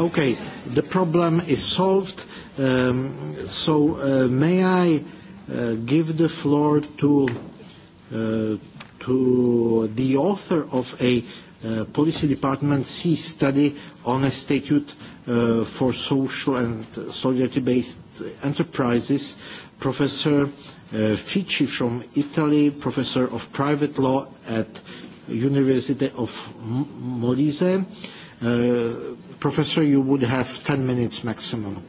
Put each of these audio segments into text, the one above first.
Okay, the problem is solved. Um, so uh, may I uh, give the floor to uh, to the author of a policy department C study on a statute for social and solidarity-based enterprises, Professor Fici from Italy, Professor of Private Law at University of Molise. Professor, you would have 10 minutes maximum.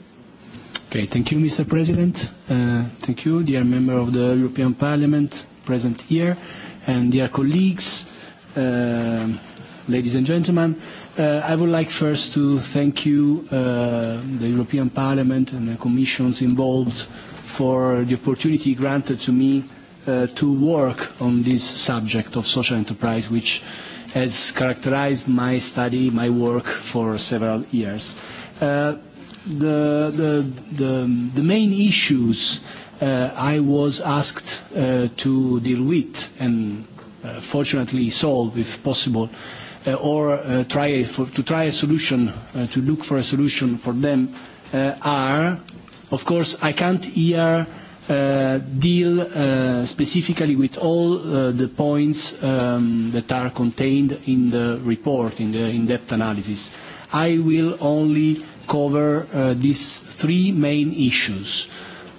Okay, thank you, Mr. President. Uh, thank you, dear member of the European Parliament present here, and dear colleagues, uh, ladies and gentlemen. Uh, I would like first to thank you, uh, the European Parliament and the commissions involved for the opportunity granted to me uh, to work on this subject of social enterprise, which has characterized my study, my work for several years. Uh, the, the, the, the main issues uh, I was asked uh, to deal with and fortunately solve if possible or try for, to try a solution, to look for a solution for them are, of course, I can't hear Uh, deal uh, specifically with all uh, the points um, that are contained in the report, in the in-depth analysis. I will only cover these three main issues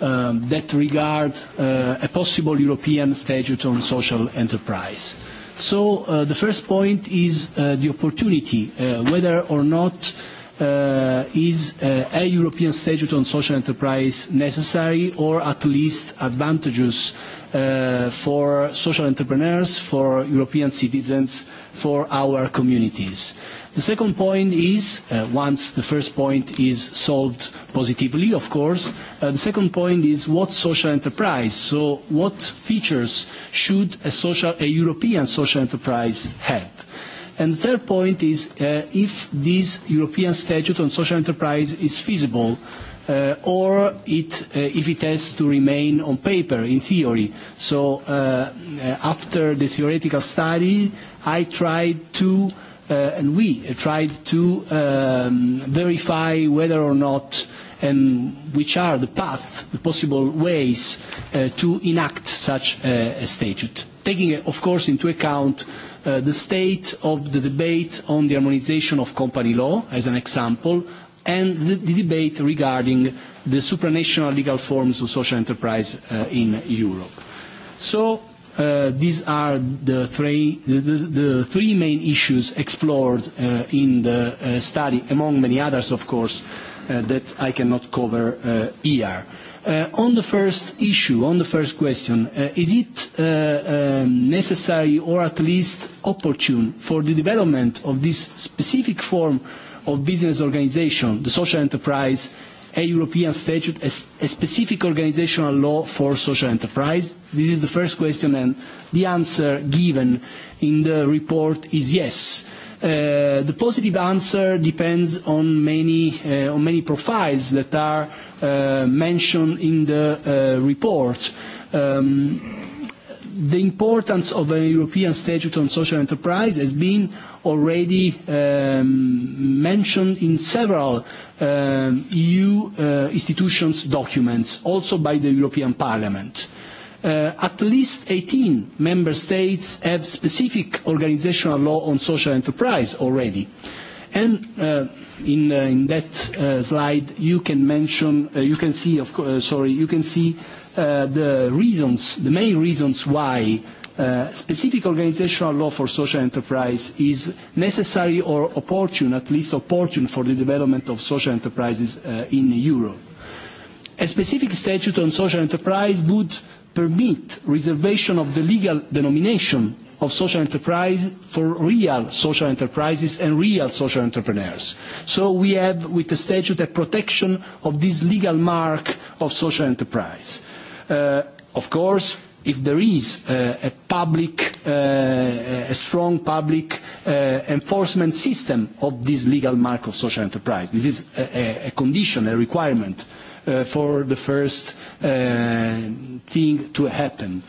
um, that regard a possible European statute on social enterprise. So the first point is the opportunity, whether or not Uh, is uh, a European statute on social enterprise necessary or at least advantageous uh, for social entrepreneurs, for European citizens, for our communities. The second point is, once the first point is solved positively, of course, the second point is what social enterprise, so what features should a, social, a European social enterprise have? And the third point is uh, if this European statute on social enterprise is feasible uh, or it, uh, if it has to remain on paper, in theory. So uh, after the theoretical study, I tried to, uh, and we tried to um, verify whether or not and which are the path, the possible ways uh, to enact such uh, a statute, taking, of course, into account Uh, the state of the debate on the harmonisation of company law as an example and the, debate regarding the supranational legal forms of social enterprise uh, in Europe. So uh, these are the three, the, the three main issues explored in the study, among many others, of course, that I cannot cover here. Uh, on the first issue, on the first question, uh, is it uh, um, necessary or at least opportune for the development of this specific form of business organization, the social enterprise, a European statute, a, specific organizational law for social enterprise? This is the first question, and the answer given in the report is yes. Uh, the positive answer depends on many, uh, on many profiles that are uh, mentioned in the uh, report. Um, the importance of a European statute on social enterprise has been already um, mentioned in several um, EU uh, institutions' documents, also by the European Parliament. Uh, at least 18 member states have specific organizational law on social enterprise already. And uh, uh, in, that slide, you can mention, you can see, sorry, you can see the reasons, the main reasons why specific organizational law for social enterprise is necessary or opportune, at least opportune for the development of social enterprises in Europe. A specific statute on social enterprise would permit reservation of the legal denomination of social enterprise for real social enterprises and real social entrepreneurs. So we have with the statute a protection of this legal mark of social enterprise. Uh, of course, if there is uh, a public, uh, a strong public enforcement system of this legal mark of social enterprise, this is a, a condition, a requirement Uh, for the first uh, thing to happen.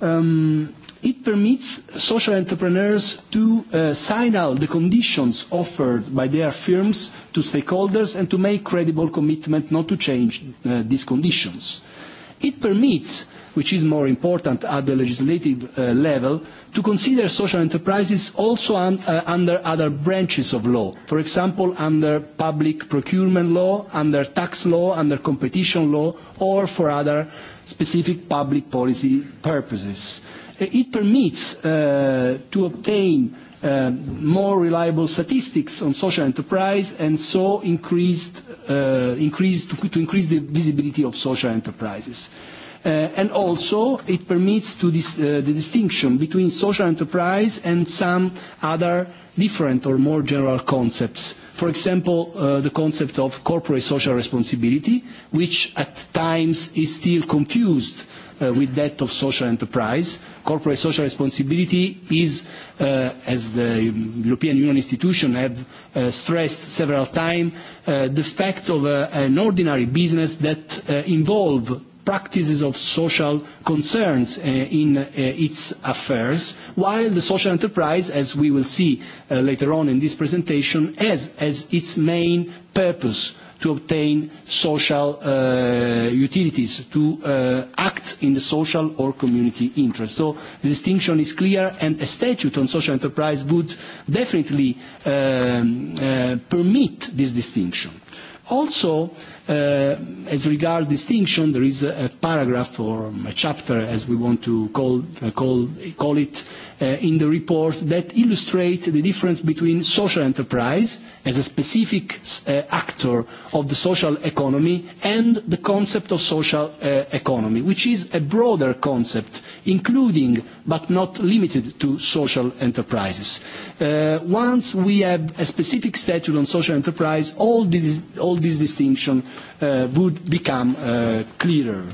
Um, it permits social entrepreneurs to uh, out the conditions offered by their firms to stakeholders and to make credible commitment not to change uh, these conditions. It permits, which is more important at the legislative uh, level, to consider social enterprises also uh, under other branches of law. For example, under public procurement law, under tax law, under competition law, or for other specific public policy purposes. Uh, it permits to obtain Uh, more reliable statistics on social enterprise and so increased, uh, to, increase the visibility of social enterprises. Uh, and also it permits the distinction between social enterprise and some other different or more general concepts. For example, the concept of corporate social responsibility, which at times is still confused with that of social enterprise. Corporate social responsibility is Uh, as the European Union institution have uh, stressed several times, uh, the fact of an ordinary business that involve practices of social concerns in its affairs, while the social enterprise, as we will see later on in this presentation, has as its main purpose to obtain social uh, utilities, to uh, act in the social or community interest. So the distinction is clear and a statute on social enterprise would definitely um, uh, permit this distinction. Also, Uh, as regards distinction, there is a, paragraph or a chapter, as we want to call, uh, call, call it, uh, in the report that illustrates the difference between social enterprise as a specific actor of the social economy and the concept of social economy, which is a broader concept, including but not limited to social enterprises. once we have a specific statute on social enterprise, all these, all these distinctions Uh, would become uh, clearer.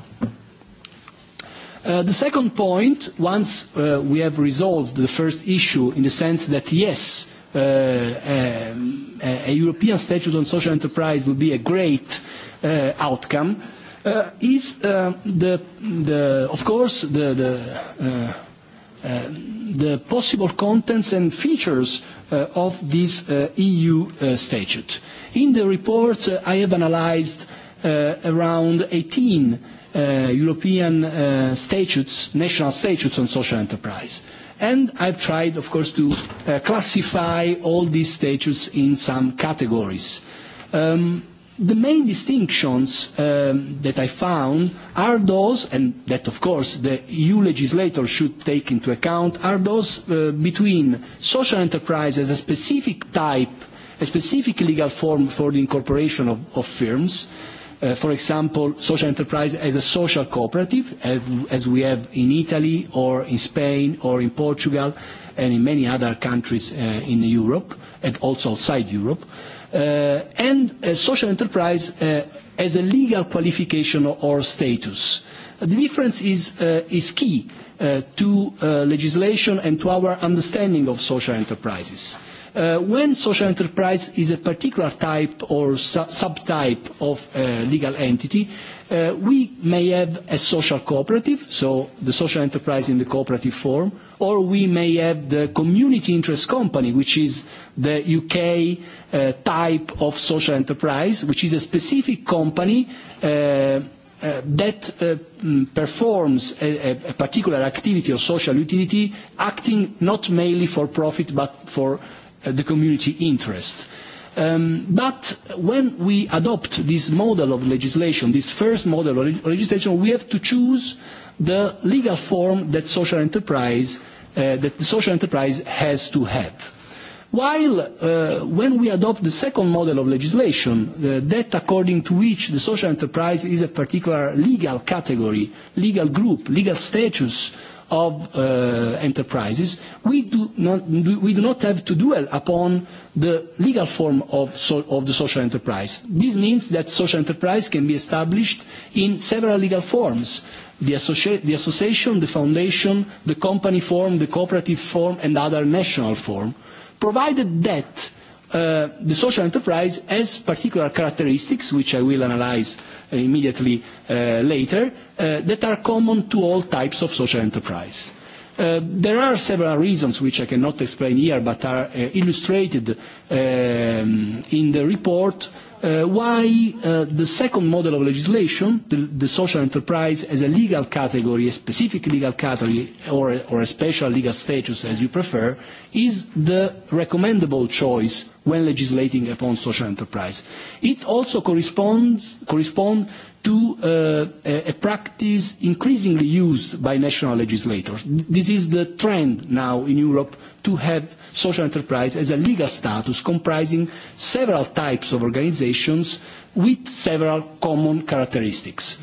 Uh, the second point, once we have resolved the first issue in the sense that yes, a European statute on social enterprise would be a great outcome, is the, of course, the, the the possible contents and features uh, of this uh, EU uh, statute. In the report, I have analyzed around 18 European statutes, national statutes on social enterprise. And I've tried, of course, to classify all these statutes in some categories. Um, The main distinctions um, that I found are those, and that of course the EU legislator should take into account, are those uh, between social enterprise as a specific type, a specific legal form for the incorporation of, firms, uh, for example, social enterprise as a social cooperative, as, we have in Italy or in Spain or in Portugal and in many other countries uh, in Europe and also outside Europe. Uh, and a social enterprise uh, as a legal qualification or status. The difference is, uh, is key to legislation and to our understanding of social enterprises. when social enterprise is a particular type or subtype of legal entity Uh, we may have a social cooperative, so the social enterprise in the cooperative form, or we may have the community interest company, which is the UK uh, type of social enterprise, which is a specific company uh, that mm, performs a, a particular activity or social utility, acting not mainly for profit but for the community interest. Um, but when we adopt this model of legislation, this first model of legislation, we have to choose the legal form that social enterprise uh, that the social enterprise has to have. While uh, when we adopt the second model of legislation, uh, that according to which the social enterprise is a particular legal category, legal group, legal status of uh, enterprises, we do, not, we do not have to dwell upon the legal form of, of the social enterprise. This means that social enterprise can be established in several legal forms, the, the association, the foundation, the company form, the cooperative form, and other national form, provided that Uh, the social enterprise has particular characteristics, which I will analyse uh, immediately uh, later, that are common to all types of social enterprise. There are several reasons which I cannot explain here but are illustrated um, in the report uh, why uh, the second model of legislation, the, social enterprise as a legal category, a specific legal category or, or a special legal status as you prefer, is the recommendable choice when legislating upon social enterprise. It also corresponds to uh, a, a practice increasingly used by national legislators. This is the trend now in Europe to have social enterprise as a legal status comprising several types of organizations with several common characteristics.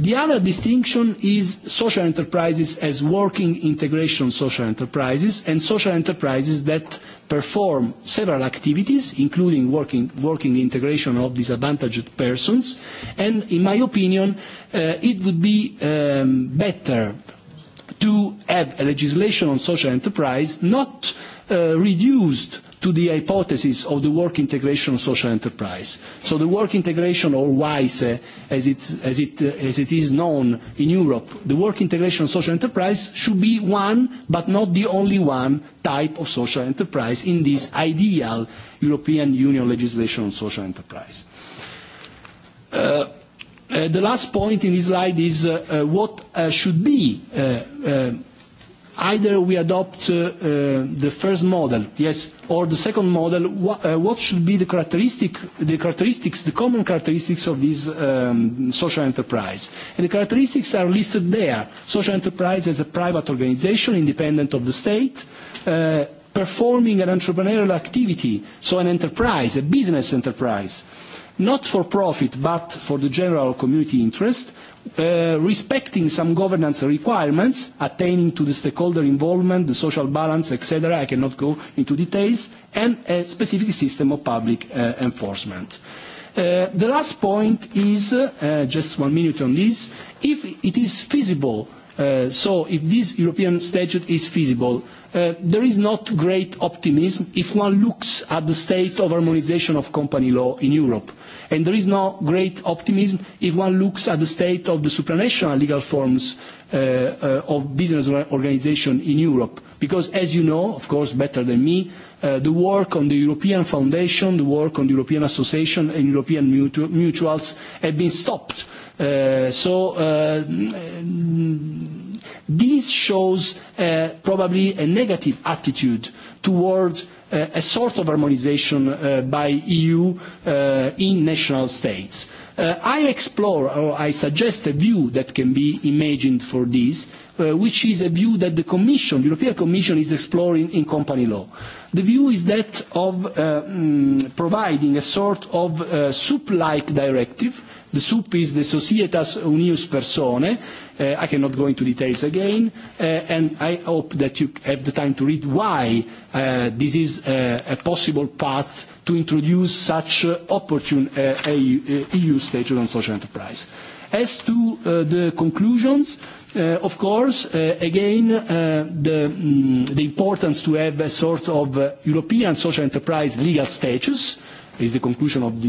The other distinction is social enterprises as working integration social enterprises and social enterprises that perform several activities, including working, working integration of disadvantaged persons. And in my opinion, uh, it would be um, better to have a legislation on social enterprise not uh, reduced to the hypothesis of the work integration of social enterprise. So the work integration, or WISE, as, it as, it, as it is known in Europe, the work integration of social enterprise should be one, but not the only one, type of social enterprise in this ideal European Union legislation on social enterprise. Uh, uh the last point in this slide is uh, uh, what should be either we adopt uh, uh, the first model yes or the second model uh, what, should be the characteristic the characteristics the common characteristics of this um, social enterprise and the characteristics are listed there social enterprise as a private organization independent of the state performing an entrepreneurial activity so an enterprise a business enterprise not for profit but for the general community interest Uh, respecting some governance requirements attaining to the stakeholder involvement, the social balance, etc. I cannot go into details, and a specific system of public uh, enforcement. Uh, the last point is, just one minute on this, if it is feasible, so if this European statute is feasible, there is not great optimism if one looks at the state of harmonisation of company law in Europe and there is no great optimism if one looks at the state of the supranational legal forms uh, uh, of business organization in Europe because as you know of course better than me uh, the work on the European Foundation the work on the European Association and European mutuals have been stopped so This shows uh, probably a negative attitude towards uh, a sort of harmonization uh, by EU in national states. I explore or I suggest a view that can be imagined for this Uh, which is a view that the Commission, European Commission, is exploring in company law. The view is that of uh, mm, providing a sort of uh, soup-like directive. The soup is the Societas Unius Personae. I cannot go into details again, and I hope that you have the time to read why this is a possible path to introduce such opportune EU, EU statute on social enterprise. As to the conclusions, Uh, of course, uh, again, uh, mm, the importance to have a sort of European social enterprise legal status is the conclusion of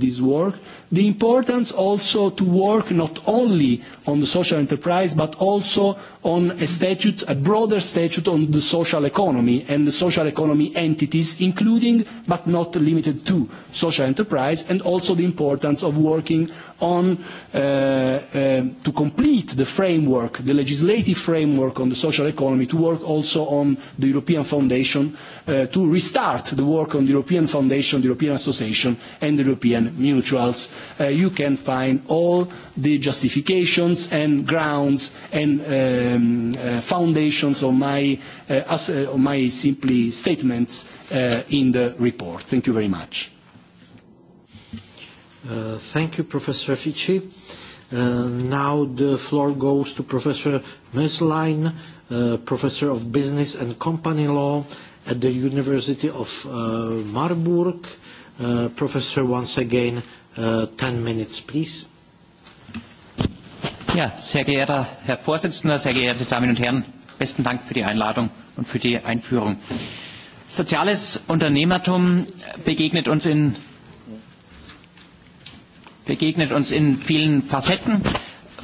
this, work. The importance also to work not only on the social enterprise, but also on a statute, a broader statute on the social economy and the social economy entities, including but not limited to social enterprise, and also the importance of working on uh, uh, to complete the framework, the legislative framework on the social economy, to work also on the European Foundation, uh, to restart the work on the European Foundation, the European Association and European mutuals. Uh, you can find all the justifications and grounds and um, uh, foundations of my, uh, as, my simply statements in the report. Thank you very much. thank you, Professor Fici. now the floor goes to Professor Mslein, Professor of Business and Company Law at the University of Marburg Uh, Professor, once again, 10 uh, minutes, please. Ja, sehr geehrter Herr Vorsitzender, sehr geehrte Damen und Herren, besten Dank für die Einladung und für die Einführung. Soziales Unternehmertum begegnet uns in, begegnet uns in vielen Facetten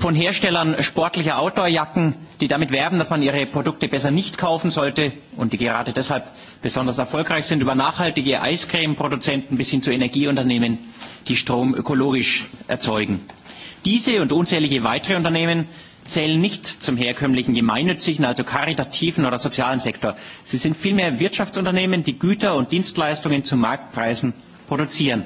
von Herstellern sportlicher Jacken, die damit werben, dass man ihre Produkte besser nicht kaufen sollte und die gerade deshalb besonders erfolgreich sind, über nachhaltige Eiscreme-Produzenten bis hin zu Energieunternehmen, die Strom ökologisch erzeugen. Diese und unzählige weitere Unternehmen zählen nicht zum herkömmlichen gemeinnützigen, also karitativen oder sozialen Sektor. Sie sind vielmehr Wirtschaftsunternehmen, die Güter und Dienstleistungen zu Marktpreisen produzieren.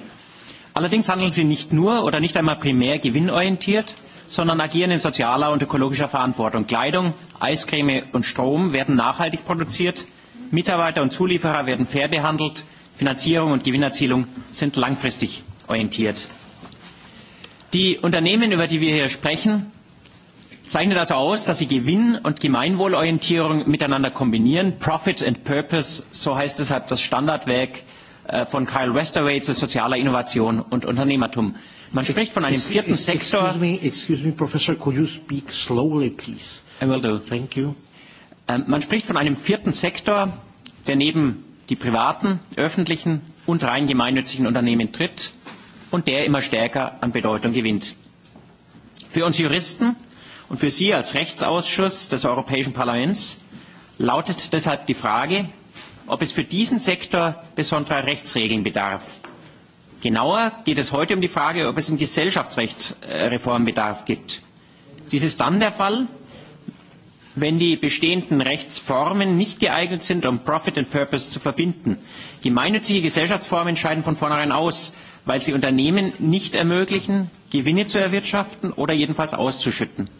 Allerdings handeln sie nicht nur oder nicht einmal primär gewinnorientiert, sondern agieren in sozialer und ökologischer Verantwortung. Kleidung, Eiscreme und Strom werden nachhaltig produziert, Mitarbeiter und Zulieferer werden fair behandelt, Finanzierung und Gewinnerzielung sind langfristig orientiert. Die Unternehmen, über die wir hier sprechen, zeichnen also aus, dass sie Gewinn und Gemeinwohlorientierung miteinander kombinieren. Profit and Purpose, so heißt deshalb das Standardwerk äh, von Kyle Westaway zu sozialer Innovation und Unternehmertum. Man spricht von einem vierten Sektor. Excuse Man spricht von einem vierten Sektor, der neben die privaten, öffentlichen und rein gemeinnützigen Unternehmen tritt und der immer stärker an Bedeutung gewinnt. Für uns Juristen und für Sie als Rechtsausschuss des Europäischen Parlaments lautet deshalb die Frage, ob es für diesen Sektor besonderer Rechtsregeln bedarf Genauer geht es heute um die Frage, ob es im Gesellschaftsrecht äh, Reformbedarf gibt. Dies ist dann der Fall, wenn die bestehenden Rechtsformen nicht geeignet sind, um Profit and Purpose zu verbinden. Gemeinnützige Gesellschaftsformen scheiden von vornherein aus, weil sie Unternehmen nicht ermöglichen, Gewinne zu erwirtschaften oder jedenfalls auszuschütten.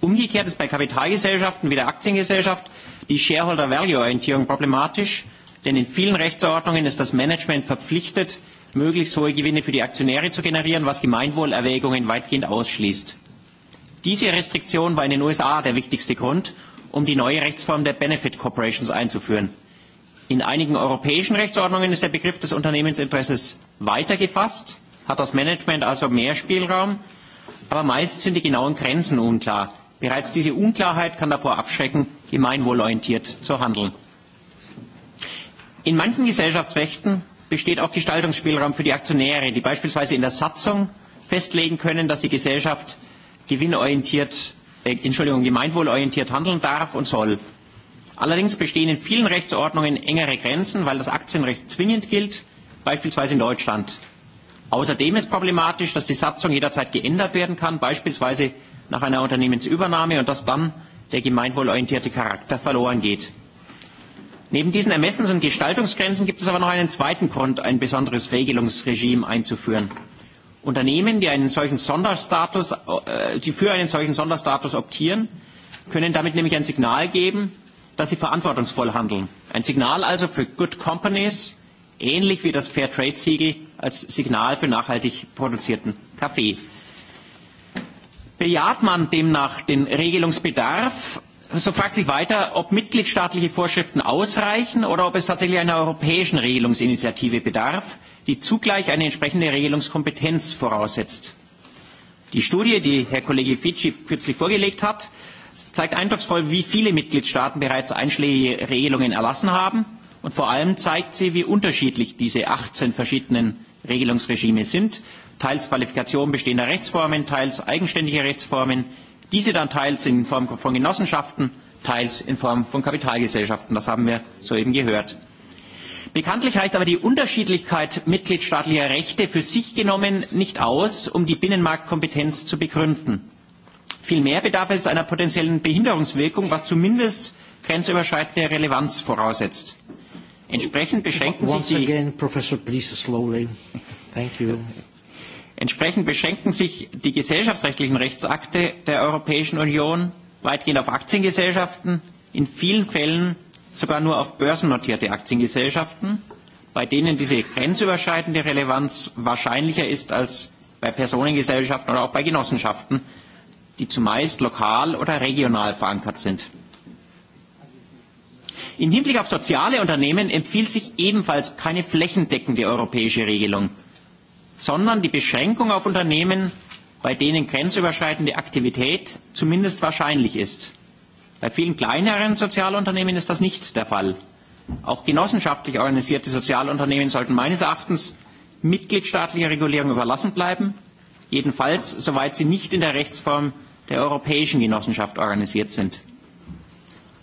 Umgekehrt ist bei Kapitalgesellschaften wie der Aktiengesellschaft die Shareholder Value Orientierung problematisch, denn in vielen Rechtsordnungen ist das Management verpflichtet, möglichst hohe Gewinne für die Aktionäre zu generieren, was Gemeinwohlerwägungen weitgehend ausschließt. Diese Restriktion war in den USA der wichtigste Grund, um die neue Rechtsform der Benefit Corporations einzuführen. In einigen europäischen Rechtsordnungen ist der Begriff des Unternehmensinteresses weiter gefasst, hat das Management also mehr Spielraum, aber meist sind die genauen Grenzen unklar. Bereits diese Unklarheit kann davor abschrecken, gemeinwohlorientiert zu handeln. In manchen Gesellschaftsrechten besteht auch Gestaltungsspielraum für die Aktionäre, die beispielsweise in der Satzung festlegen können, dass die Gesellschaft gewinnorientiert, äh, Entschuldigung, gemeinwohlorientiert handeln darf und soll. Allerdings bestehen in vielen Rechtsordnungen engere Grenzen, weil das Aktienrecht zwingend gilt, beispielsweise in Deutschland. Außerdem ist problematisch, dass die Satzung jederzeit geändert werden kann, beispielsweise nach einer Unternehmensübernahme und dass dann der gemeinwohlorientierte Charakter verloren geht. Neben diesen Ermessens- und Gestaltungsgrenzen gibt es aber noch einen zweiten Grund, ein besonderes Regelungsregime einzuführen. Unternehmen, die, einen solchen Sonderstatus, äh, die für einen solchen Sonderstatus optieren, können damit nämlich ein Signal geben, dass sie verantwortungsvoll handeln. Ein Signal also für Good Companies, ähnlich wie das Fair Trade Siegel als Signal für nachhaltig produzierten Kaffee. Bejaht man demnach den Regelungsbedarf so fragt sich weiter, ob mitgliedstaatliche Vorschriften ausreichen oder ob es tatsächlich einer europäischen Regelungsinitiative bedarf, die zugleich eine entsprechende Regelungskompetenz voraussetzt. Die Studie, die Herr Kollege Fici kürzlich vorgelegt hat, zeigt eindrucksvoll, wie viele Mitgliedstaaten bereits einschlägige Regelungen erlassen haben. Und vor allem zeigt sie, wie unterschiedlich diese 18 verschiedenen Regelungsregime sind. Teils Qualifikation bestehender Rechtsformen, teils eigenständige Rechtsformen, diese dann teils in Form von Genossenschaften, teils in Form von Kapitalgesellschaften. Das haben wir soeben gehört. Bekanntlich reicht aber die Unterschiedlichkeit mitgliedstaatlicher Rechte für sich genommen nicht aus, um die Binnenmarktkompetenz zu begründen. Vielmehr bedarf es einer potenziellen Behinderungswirkung, was zumindest grenzüberschreitende Relevanz voraussetzt. Entsprechend beschränken sich die... again, Professor, please slowly. Thank you. Entsprechend beschränken sich die gesellschaftsrechtlichen Rechtsakte der Europäischen Union weitgehend auf Aktiengesellschaften, in vielen Fällen sogar nur auf börsennotierte Aktiengesellschaften, bei denen diese grenzüberschreitende Relevanz wahrscheinlicher ist als bei Personengesellschaften oder auch bei Genossenschaften, die zumeist lokal oder regional verankert sind. Im Hinblick auf soziale Unternehmen empfiehlt sich ebenfalls keine flächendeckende europäische Regelung sondern die Beschränkung auf Unternehmen, bei denen grenzüberschreitende Aktivität zumindest wahrscheinlich ist. Bei vielen kleineren Sozialunternehmen ist das nicht der Fall. Auch genossenschaftlich organisierte Sozialunternehmen sollten meines Erachtens mitgliedstaatlicher Regulierung überlassen bleiben, jedenfalls soweit sie nicht in der Rechtsform der europäischen Genossenschaft organisiert sind.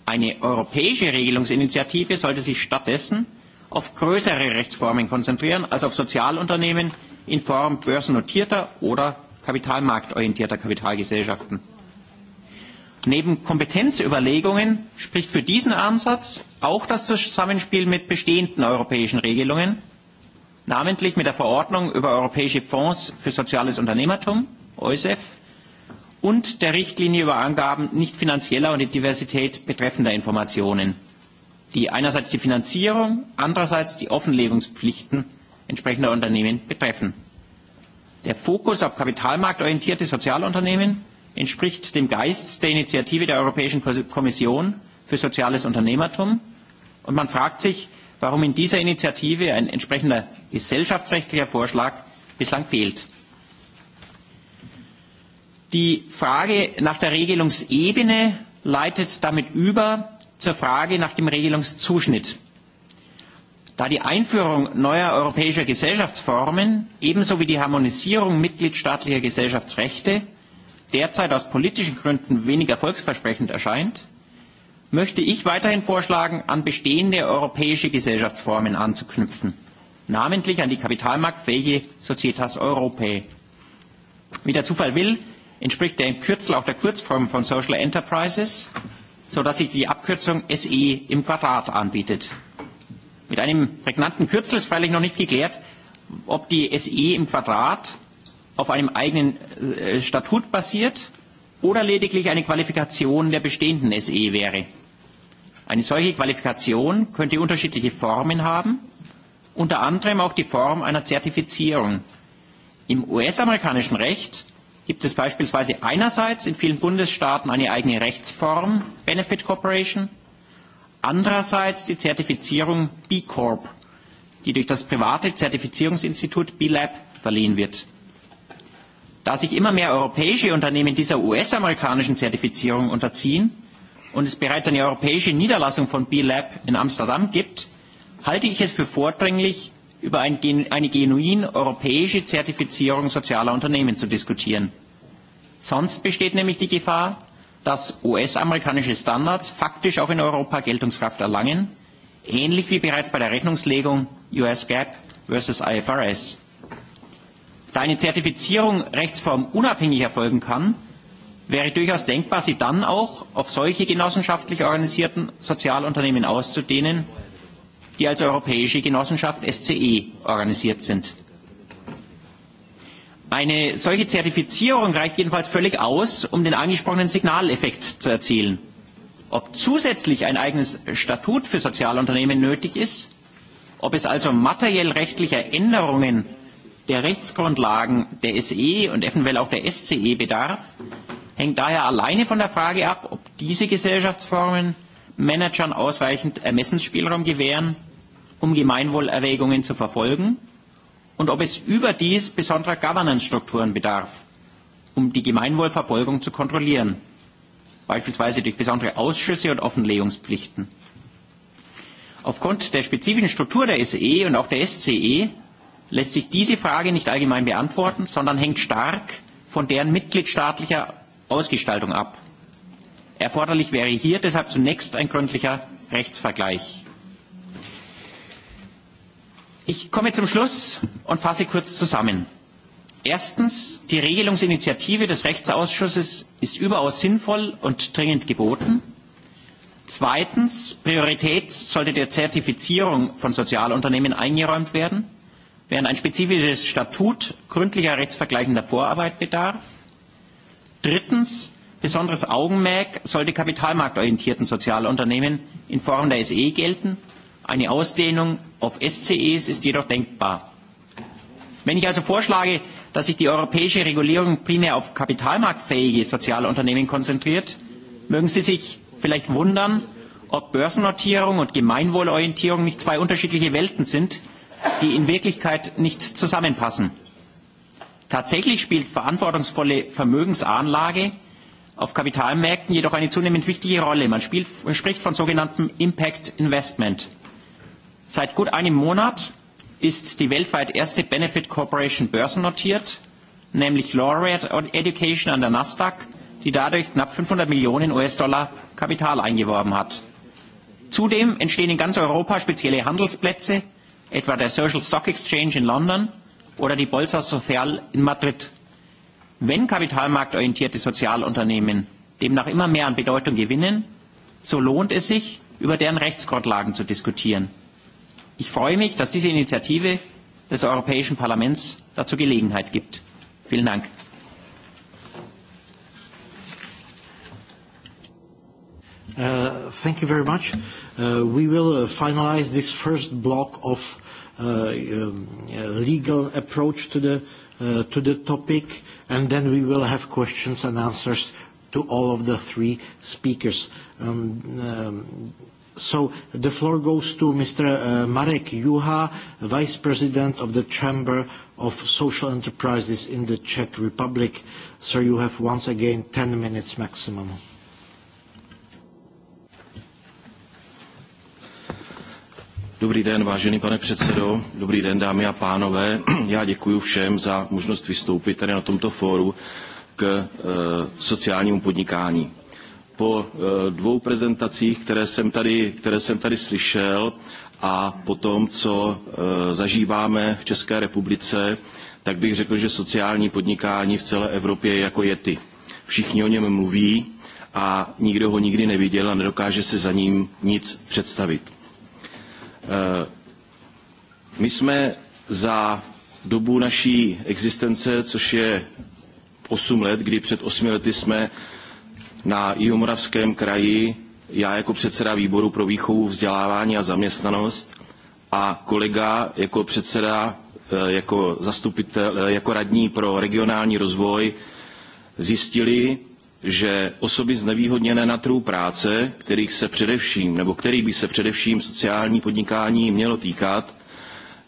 Eine europäische Regelungsinitiative sollte sich stattdessen auf größere Rechtsformen konzentrieren als auf Sozialunternehmen, in Form börsennotierter oder kapitalmarktorientierter Kapitalgesellschaften. Neben Kompetenzüberlegungen spricht für diesen Ansatz auch das Zusammenspiel mit bestehenden europäischen Regelungen, namentlich mit der Verordnung über europäische Fonds für soziales Unternehmertum, EUSEF, und der Richtlinie über Angaben nicht finanzieller und die Diversität betreffender Informationen, die einerseits die Finanzierung, andererseits die Offenlegungspflichten entsprechender Unternehmen betreffen. Der Fokus auf kapitalmarktorientierte Sozialunternehmen entspricht dem Geist der Initiative der Europäischen Kommission für soziales Unternehmertum. Und man fragt sich, warum in dieser Initiative ein entsprechender gesellschaftsrechtlicher Vorschlag bislang fehlt. Die Frage nach der Regelungsebene leitet damit über zur Frage nach dem Regelungszuschnitt da die einführung neuer europäischer gesellschaftsformen ebenso wie die harmonisierung mitgliedstaatlicher gesellschaftsrechte derzeit aus politischen gründen wenig erfolgsversprechend erscheint möchte ich weiterhin vorschlagen an bestehende europäische gesellschaftsformen anzuknüpfen namentlich an die kapitalmarktfähige societas europae. wie der zufall will entspricht der kürzel auch der kurzform von social enterprises sodass sich die abkürzung se im quadrat anbietet mit einem prägnanten Kürzel ist freilich noch nicht geklärt, ob die SE im Quadrat auf einem eigenen äh, Statut basiert oder lediglich eine Qualifikation der bestehenden SE wäre. Eine solche Qualifikation könnte unterschiedliche Formen haben, unter anderem auch die Form einer Zertifizierung. Im US-amerikanischen Recht gibt es beispielsweise einerseits in vielen Bundesstaaten eine eigene Rechtsform, Benefit Corporation, Andererseits die Zertifizierung B Corp, die durch das private Zertifizierungsinstitut B Lab verliehen wird. Da sich immer mehr europäische Unternehmen dieser US-amerikanischen Zertifizierung unterziehen und es bereits eine europäische Niederlassung von B Lab in Amsterdam gibt, halte ich es für vordringlich, über eine genuin europäische Zertifizierung sozialer Unternehmen zu diskutieren. Sonst besteht nämlich die Gefahr, dass US-amerikanische Standards faktisch auch in Europa Geltungskraft erlangen, ähnlich wie bereits bei der Rechnungslegung US GAAP versus IFRS. Da eine Zertifizierung rechtsformunabhängig erfolgen kann, wäre durchaus denkbar, sie dann auch auf solche genossenschaftlich organisierten Sozialunternehmen auszudehnen, die als europäische Genossenschaft SCE organisiert sind. Eine solche Zertifizierung reicht jedenfalls völlig aus, um den angesprochenen Signaleffekt zu erzielen. Ob zusätzlich ein eigenes Statut für Sozialunternehmen nötig ist, ob es also materiell rechtlicher Änderungen der Rechtsgrundlagen der SE und eventuell auch der SCE bedarf, hängt daher alleine von der Frage ab, ob diese Gesellschaftsformen Managern ausreichend Ermessensspielraum gewähren, um Gemeinwohlerwägungen zu verfolgen und ob es überdies besonderer Governance Strukturen bedarf, um die Gemeinwohlverfolgung zu kontrollieren, beispielsweise durch besondere Ausschüsse und Offenlegungspflichten. Aufgrund der spezifischen Struktur der SE und auch der SCE lässt sich diese Frage nicht allgemein beantworten, sondern hängt stark von deren mitgliedstaatlicher Ausgestaltung ab. Erforderlich wäre hier deshalb zunächst ein gründlicher Rechtsvergleich. Ich komme zum Schluss und fasse kurz zusammen. Erstens, die Regelungsinitiative des Rechtsausschusses ist überaus sinnvoll und dringend geboten. Zweitens, Priorität sollte der Zertifizierung von Sozialunternehmen eingeräumt werden, während ein spezifisches Statut gründlicher rechtsvergleichender Vorarbeit bedarf. Drittens, besonderes Augenmerk sollte kapitalmarktorientierten Sozialunternehmen in Form der SE gelten Eine Ausdehnung auf SCEs ist jedoch denkbar. Wenn ich also vorschlage, dass sich die europäische Regulierung primär auf kapitalmarktfähige Sozialunternehmen konzentriert, mögen Sie sich vielleicht wundern, ob Börsennotierung und Gemeinwohlorientierung nicht zwei unterschiedliche Welten sind, die in Wirklichkeit nicht zusammenpassen. Tatsächlich spielt verantwortungsvolle Vermögensanlage auf Kapitalmärkten jedoch eine zunehmend wichtige Rolle. Man, spricht von sogenanntem Impact Investment. Seit gut einem Monat ist die weltweit erste Benefit Corporation börsennotiert, nämlich Laureate Education an der Nasdaq, die dadurch knapp 500 Millionen US-Dollar Kapital eingeworben hat. Zudem entstehen in ganz Europa spezielle Handelsplätze, etwa der Social Stock Exchange in London oder die Bolsa Social in Madrid. Wenn kapitalmarktorientierte Sozialunternehmen demnach immer mehr an Bedeutung gewinnen, so lohnt es sich, über deren Rechtsgrundlagen zu diskutieren. Ich freue mich, dass diese Initiative des Europäischen Parlaments dazu Gelegenheit gibt. Vielen Dank. Uh, thank you very much. Uh, we will uh, finalize this first block of uh, um, uh, legal approach to the, uh, to the topic, and then we will have questions and answers to all of the three speakers. um, um So the floor goes to Mr. Uh, Marek Juha, Vice President of the Chamber of Social Enterprises in the Czech Republic. Sir, you have once again 10 minutes maximum. Dobrý den, vážený pane předsedo, dobrý den, dámy a pánové. Já děkuji všem za možnost vystoupit tady na tomto fóru k eh, sociálnímu podnikání po e, dvou prezentacích, které jsem tady, které slyšel a po tom, co e, zažíváme v České republice, tak bych řekl, že sociální podnikání v celé Evropě je jako jety. Všichni o něm mluví a nikdo ho nikdy neviděl a nedokáže se za ním nic představit. E, my jsme za dobu naší existence, což je 8 let, kdy před 8 lety jsme na Jihomoravském kraji já jako předseda výboru pro výchovu, vzdělávání a zaměstnanost a kolega jako předseda, e, jako zastupitel, e, jako radní pro regionální rozvoj zjistili, že osoby znevýhodněné na trhu práce, kterých se především, nebo kterých by se především sociální podnikání mělo týkat,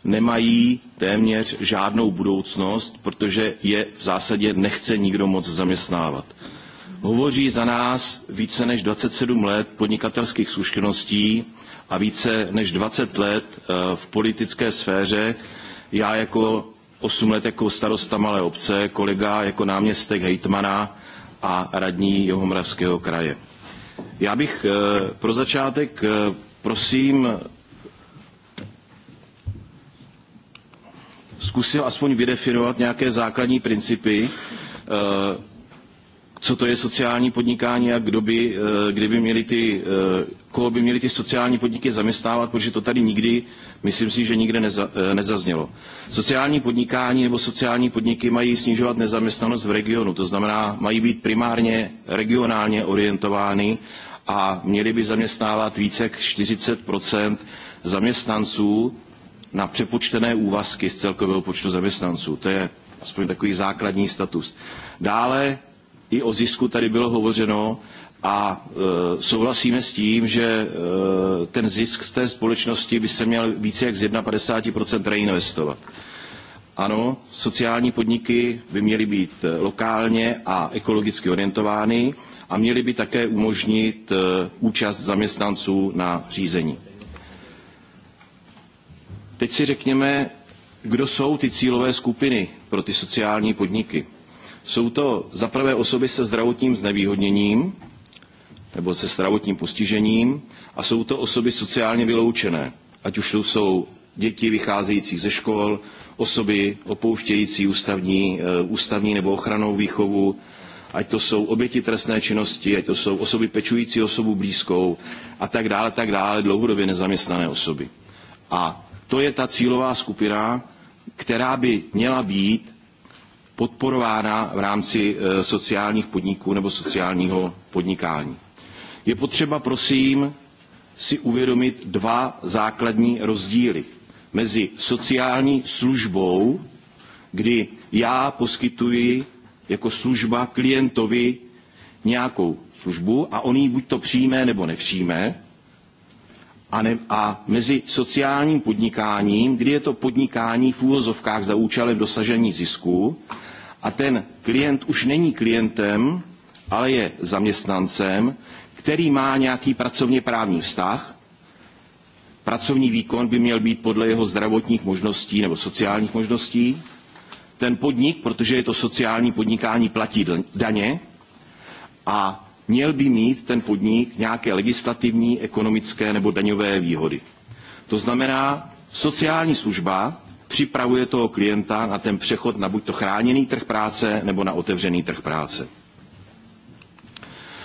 nemají téměř žádnou budoucnost, protože je v zásadě nechce nikdo moc zaměstnávat hovoří za nás více než 27 let podnikatelských zkušeností a více než 20 let eh, v politické sféře. Já jako 8 let jako starosta malé obce, kolega jako náměstek hejtmana a radní Jihomoravského kraje. Já bych eh, pro začátek eh, prosím zkusil aspoň vydefinovat nějaké základní principy, co to je sociální podnikání a kdo kdyby eh, měli ty, eh, koho by měli ty sociální podniky zaměstnávat, protože to tady nikdy, myslím si, že nikde neza, eh, nezaznělo. Sociální podnikání nebo sociální podniky mají snižovat nezaměstnanost v regionu, to znamená, mají být primárně regionálně orientovány a měli by zaměstnávat více jak 40 zaměstnanců na přepočtené úvazky z celkového počtu zaměstnanců. To je aspoň takový základní status. Dále i o zisku tady bylo hovořeno a e, souhlasíme s tím, že e, ten zisk z té společnosti by se měl více jak z 51% reinvestovat. Ano, sociální podniky by měly být e, lokálně a ekologicky orientovány a měly by také umožnit účast zaměstnanců na řízení. Teď si řekněme, kdo jsou ty cílové skupiny pro ty sociální podniky. Jsou to zaprave osoby se zdravotním znevýhodněním nebo se zdravotním postižením a jsou to osoby sociálně vyloučené, ať už to jsou děti vycházející ze škol, osoby opouštějící ústavní, eh, ústavní nebo ochranou výchovu, ať to jsou oběti trestné činnosti, ať to jsou osoby pečující osobu blízkou a tak dále, tak dále, dlouhodobě nezaměstnané osoby. A to je ta cílová skupina, která by měla být podporována v rámci e, sociálních podniků nebo sociálního podnikání. Je potřeba, prosím, si uvědomit dva základní rozdíly mezi sociální službou, kdy já poskytuji jako služba klientovi nějakou službu a on ji buď to přijme nebo nepřijme, a, mezi sociálním podnikáním, kdy je to podnikání v úvozovkách za účelem dosažení zisku a ten klient už není klientem, ale je zaměstnancem, který má nějaký pracovně právní vztah. Pracovní výkon by měl být podle jeho zdravotních možností nebo sociálních možností. Ten podnik, protože je to sociální podnikání, platí daně a měl by mít ten podnik nějaké legislativní, ekonomické nebo daňové výhody. To znamená, sociální služba připravuje toho klienta na ten přechod na buďto to chráněný trh práce nebo na otevřený trh práce.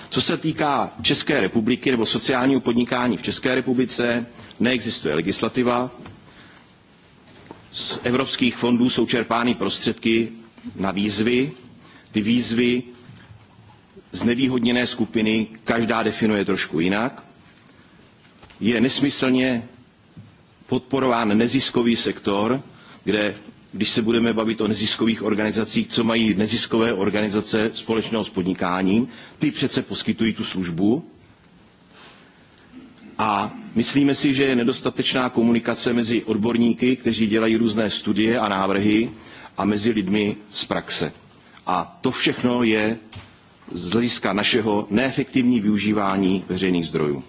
Co se týká České republiky nebo sociálního podnikání v České republice, neexistuje legislativa. Z evropských fondů jsou čerpány prostředky na výzvy. Ty výzvy znevýhodněné skupiny každá definuje trošku jinak. Je nesmyslně podporován neziskový sektor, kde když se budeme bavit o neziskových organizacích, co mají neziskové organizace společného s podnikáním, ty přece poskytují tu službu. A myslíme si, že je nedostatečná komunikace mezi odborníky, kteří dělají různé studie a návrhy, a mezi lidmi z praxe. A to všechno je z hlediska našeho neefektivní využívání veřejných zdrojů.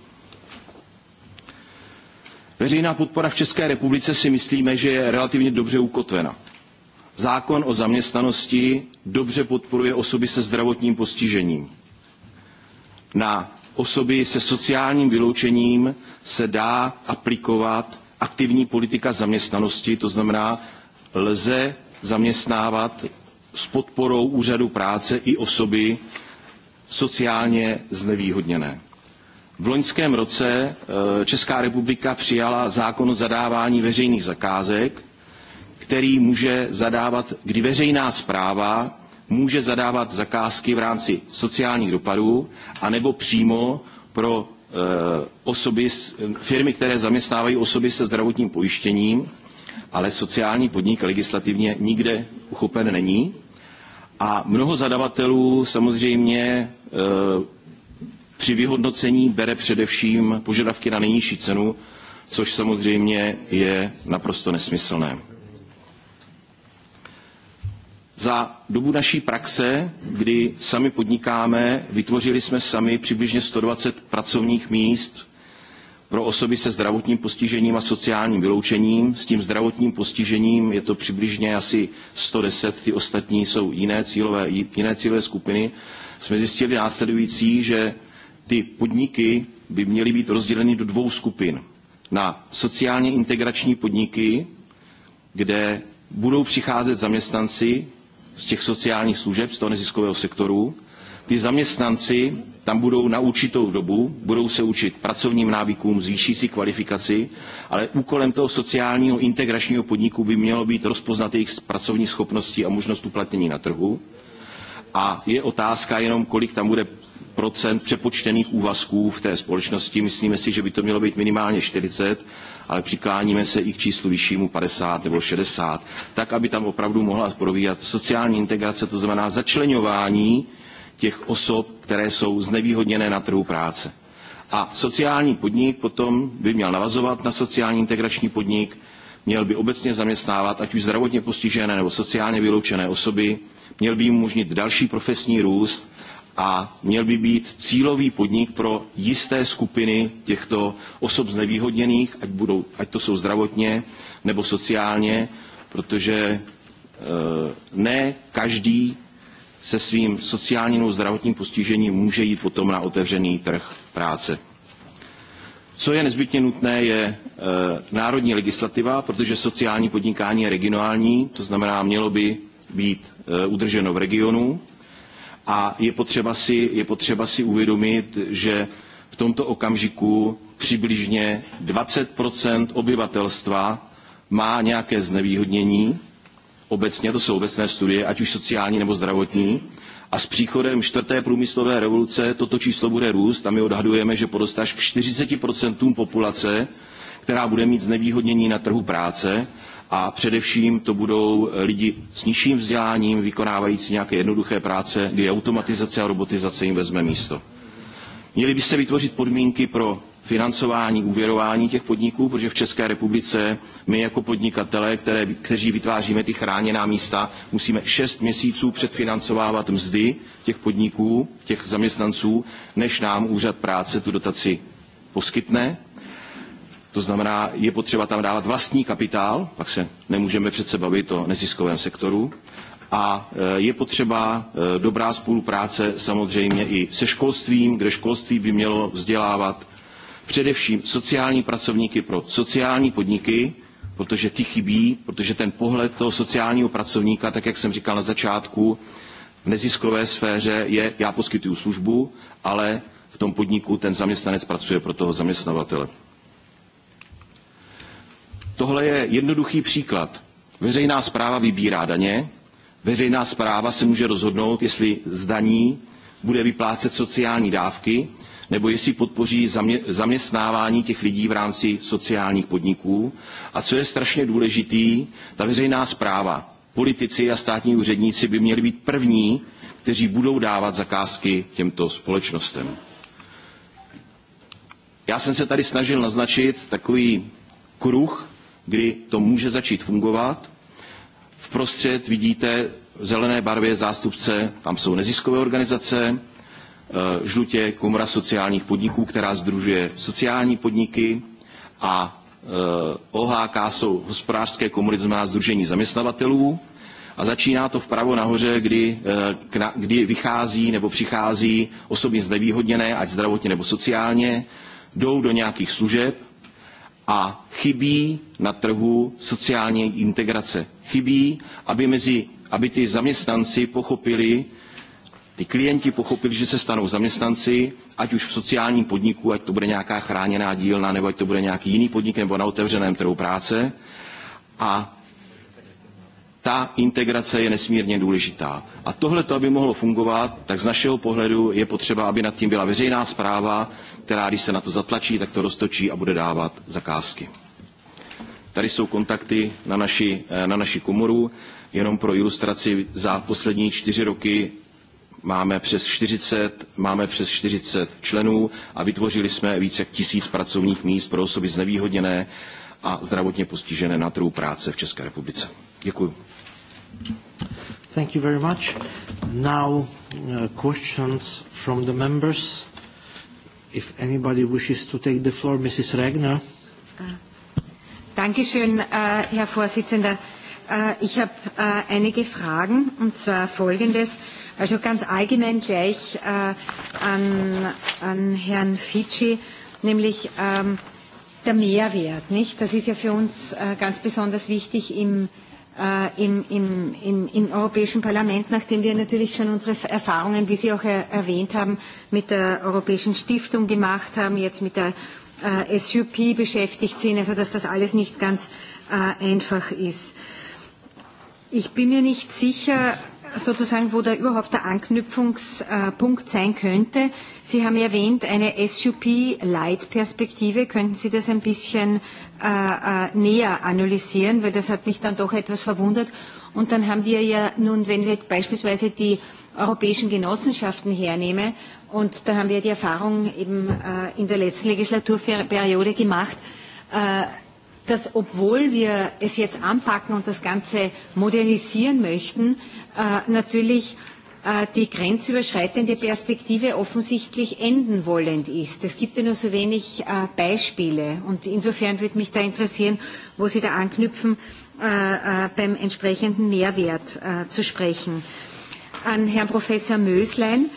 Veřejná podpora v České republice si myslíme, že je relativně dobře ukotvena. Zákon o zaměstnanosti dobře podporuje osoby se zdravotním postižením. Na osoby se sociálním vyloučením se dá aplikovat aktivní politika zaměstnanosti, to znamená, lze zaměstnávat s podporou úřadu práce i osoby, sociálně znevýhodněné. V loňském roce e, Česká republika přijala zákon o zadávání veřejných zakázek, který může zadávat, kdy veřejná správa může zadávat zakázky v rámci sociálních dopadů, anebo přímo pro e, osoby, firmy, které zaměstnávají osoby se zdravotním pojištěním, ale sociální podnik legislativně nikde uchopen není a mnoho zadavatelů samozřejmě eh, při vyhodnocení bere především požadavky na nejnižší cenu, což samozřejmě je naprosto nesmyslné. Za dobu naší praxe, kdy sami podnikáme, vytvořili jsme sami přibližně 120 pracovních míst pro osoby se zdravotním postižením a sociálním vyloučením. S tím zdravotním postižením je to přibližně asi 110, ty ostatní jsou jiné cílové, jiné cílové skupiny. Jsme zjistili následující, že ty podniky by měly být rozděleny do dvou skupin. Na sociálně integrační podniky, kde budou přicházet zaměstnanci z těch sociálních služeb, z toho neziskového sektoru, ti zaměstnanci tam budou na určitou dobu, budou se učit pracovním návykům, zvýší si kvalifikaci, ale úkolem toho sociálního integračního podniku by mělo být rozpoznat jejich pracovní schopnosti a možnost uplatnění na trhu. A je otázka jenom, kolik tam bude procent přepočtených úvazků v té společnosti. Myslíme si, že by to mělo být minimálně 40, ale přikláníme se i k číslu vyššímu 50 nebo 60, tak, aby tam opravdu mohla probíhat sociální integrace, to znamená začlenování těch osob, které jsou znevýhodněné na trhu práce. A sociální podnik potom by měl navazovat na sociální integrační podnik, měl by obecně zaměstnávat ať už zdravotně postižené nebo sociálně vyloučené osoby, měl by jim umožnit další profesní růst a měl by být cílový podnik pro jisté skupiny těchto osob znevýhodněných, ať, budou, ať to jsou zdravotně nebo sociálně, protože eh, ne každý se svým sociálním nebo zdravotním postižením může jít potom na otevřený trh práce. Co je nezbytně nutné, je e, národní legislativa, protože sociální podnikání je regionální, to znamená, mělo by být e, udrženo v regionu a je potřeba, si, je potřeba si uvědomit, že v tomto okamžiku přibližně 20 obyvatelstva má nějaké znevýhodnění obecně, to jsou obecné studie, ať už sociální nebo zdravotní, a s příchodem čtvrté průmyslové revoluce toto číslo bude růst a my odhadujeme, že poroste až k 40% populace, která bude mít znevýhodnění na trhu práce a především to budou lidi s nižším vzděláním, vykonávající nějaké jednoduché práce, kdy automatizace a robotizace jim vezme místo. Měly by se vytvořit podmínky pro financování, uvěrování těch podniků, protože v České republice my jako podnikatele, které, kteří vytváříme ty chráněná místa, musíme šest měsíců předfinancovávat mzdy těch podniků, těch zaměstnanců, než nám úřad práce tu dotaci poskytne. To znamená, je potřeba tam dávat vlastní kapitál, pak se nemůžeme přece bavit o neziskovém sektoru. A e, je potřeba e, dobrá spolupráce samozřejmě i se školstvím, kde školství by mělo vzdělávat především sociální pracovníky pro sociální podniky, protože ty chybí, protože ten pohled toho sociálního pracovníka, tak jak jsem říkal na začátku, v neziskové sféře je, já poskytuju službu, ale v tom podniku ten zaměstnanec pracuje pro toho zaměstnavatele. Tohle je jednoduchý příklad. Veřejná zpráva vybírá daně, veřejná zpráva se může rozhodnout, jestli zdaní bude vyplácet sociální dávky, nebo jestli podpoří zaměstnávání těch lidí v rámci sociálních podniků. A co je strašně důležitý, ta veřejná zpráva. Politici a státní úředníci by měli být první, kteří budou dávat zakázky těmto společnostem. Já jsem se tady snažil naznačit takový kruh, kdy to může začít fungovat. Vprostřed vidíte v zelené barvě zástupce, tam jsou neziskové organizace, E, žlutě komora sociálních podniků, která združuje sociální podniky a e, OHK jsou hospodářské komory, to znamená združení zaměstnavatelů. A začíná to vpravo nahoře, kdy, e, kdy vychází nebo přichází osoby znevýhodněné, ať zdravotně nebo sociálně, jdou do nějakých služeb a chybí na trhu sociální integrace. Chybí, aby, mezi, aby ty zaměstnanci pochopili, Ty klienti pochopili, že se stanou zaměstnanci, ať už v sociálním podniku, ať to bude nějaká chráněná dílna, nebo ať to bude nějaký jiný podnik, nebo na otevřeném trhu práce. A ta integrace je nesmírně důležitá. A tohle, aby mohlo fungovat, tak z našeho pohledu je potřeba, aby nad tím byla veřejná zpráva, která, když se na to zatlačí, tak to roztočí a bude dávat zakázky. Tady jsou kontakty na naši, eh, na naši komoru. Jenom pro ilustraci za poslední čtyři roky máme přes 40, máme přes 40 členů a vytvořili jsme více jak tisíc pracovních míst pro osoby znevýhodněné a zdravotně postižené na trhu práce v České republice. Děkuji. Thank you very much. Now uh, questions from the members. If anybody wishes to take the floor, Mrs. Regner. Äh, Danke schön, äh, Herr Vorsitzender. Äh, ich habe einige Fragen, und zwar folgendes. Also ganz allgemein gleich äh, an, an Herrn Fidschi, nämlich ähm, der Mehrwert. Nicht? Das ist ja für uns äh, ganz besonders wichtig im, äh, im, im, im, im Europäischen Parlament, nachdem wir natürlich schon unsere Erfahrungen, wie Sie auch er erwähnt haben, mit der Europäischen Stiftung gemacht haben, jetzt mit der äh, SUP beschäftigt sind, also dass das alles nicht ganz äh, einfach ist. Ich bin mir nicht sicher, sozusagen, wo da überhaupt der Anknüpfungspunkt sein könnte. Sie haben erwähnt, eine SUP-Light-Perspektive. Könnten Sie das ein bisschen äh, äh, näher analysieren? Weil das hat mich dann doch etwas verwundert. Und dann haben wir ja nun, wenn wir beispielsweise die europäischen Genossenschaften hernehme, und da haben wir die Erfahrung eben äh, in der letzten Legislaturperiode gemacht, äh, dass obwohl wir es jetzt anpacken und das Ganze modernisieren möchten, äh, natürlich äh, die grenzüberschreitende Perspektive offensichtlich enden wollend ist. Es gibt ja nur so wenig äh, Beispiele und insofern würde mich da interessieren, wo Sie da anknüpfen, beim entsprechenden Mehrwert zu sprechen. An Herrn Professor Möslein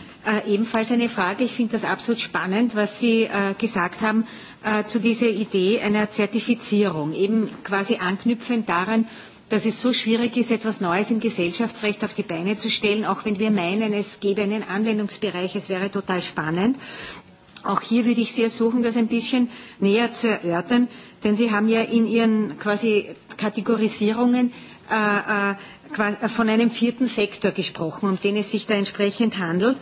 ebenfalls eine Frage. Ich finde das absolut spannend, was Sie gesagt haben Äh, zu dieser Idee einer Zertifizierung, eben quasi anknüpfend daran, dass es so schwierig ist, etwas Neues im Gesellschaftsrecht auf die Beine zu stellen, auch wenn wir meinen, es gäbe einen Anwendungsbereich, es wäre total spannend. Auch hier würde ich sehr suchen, das ein bisschen näher zu erörtern, denn Sie haben ja in Ihren quasi Kategorisierungen äh, äh, von einem vierten Sektor gesprochen, um den es sich da entsprechend handelt.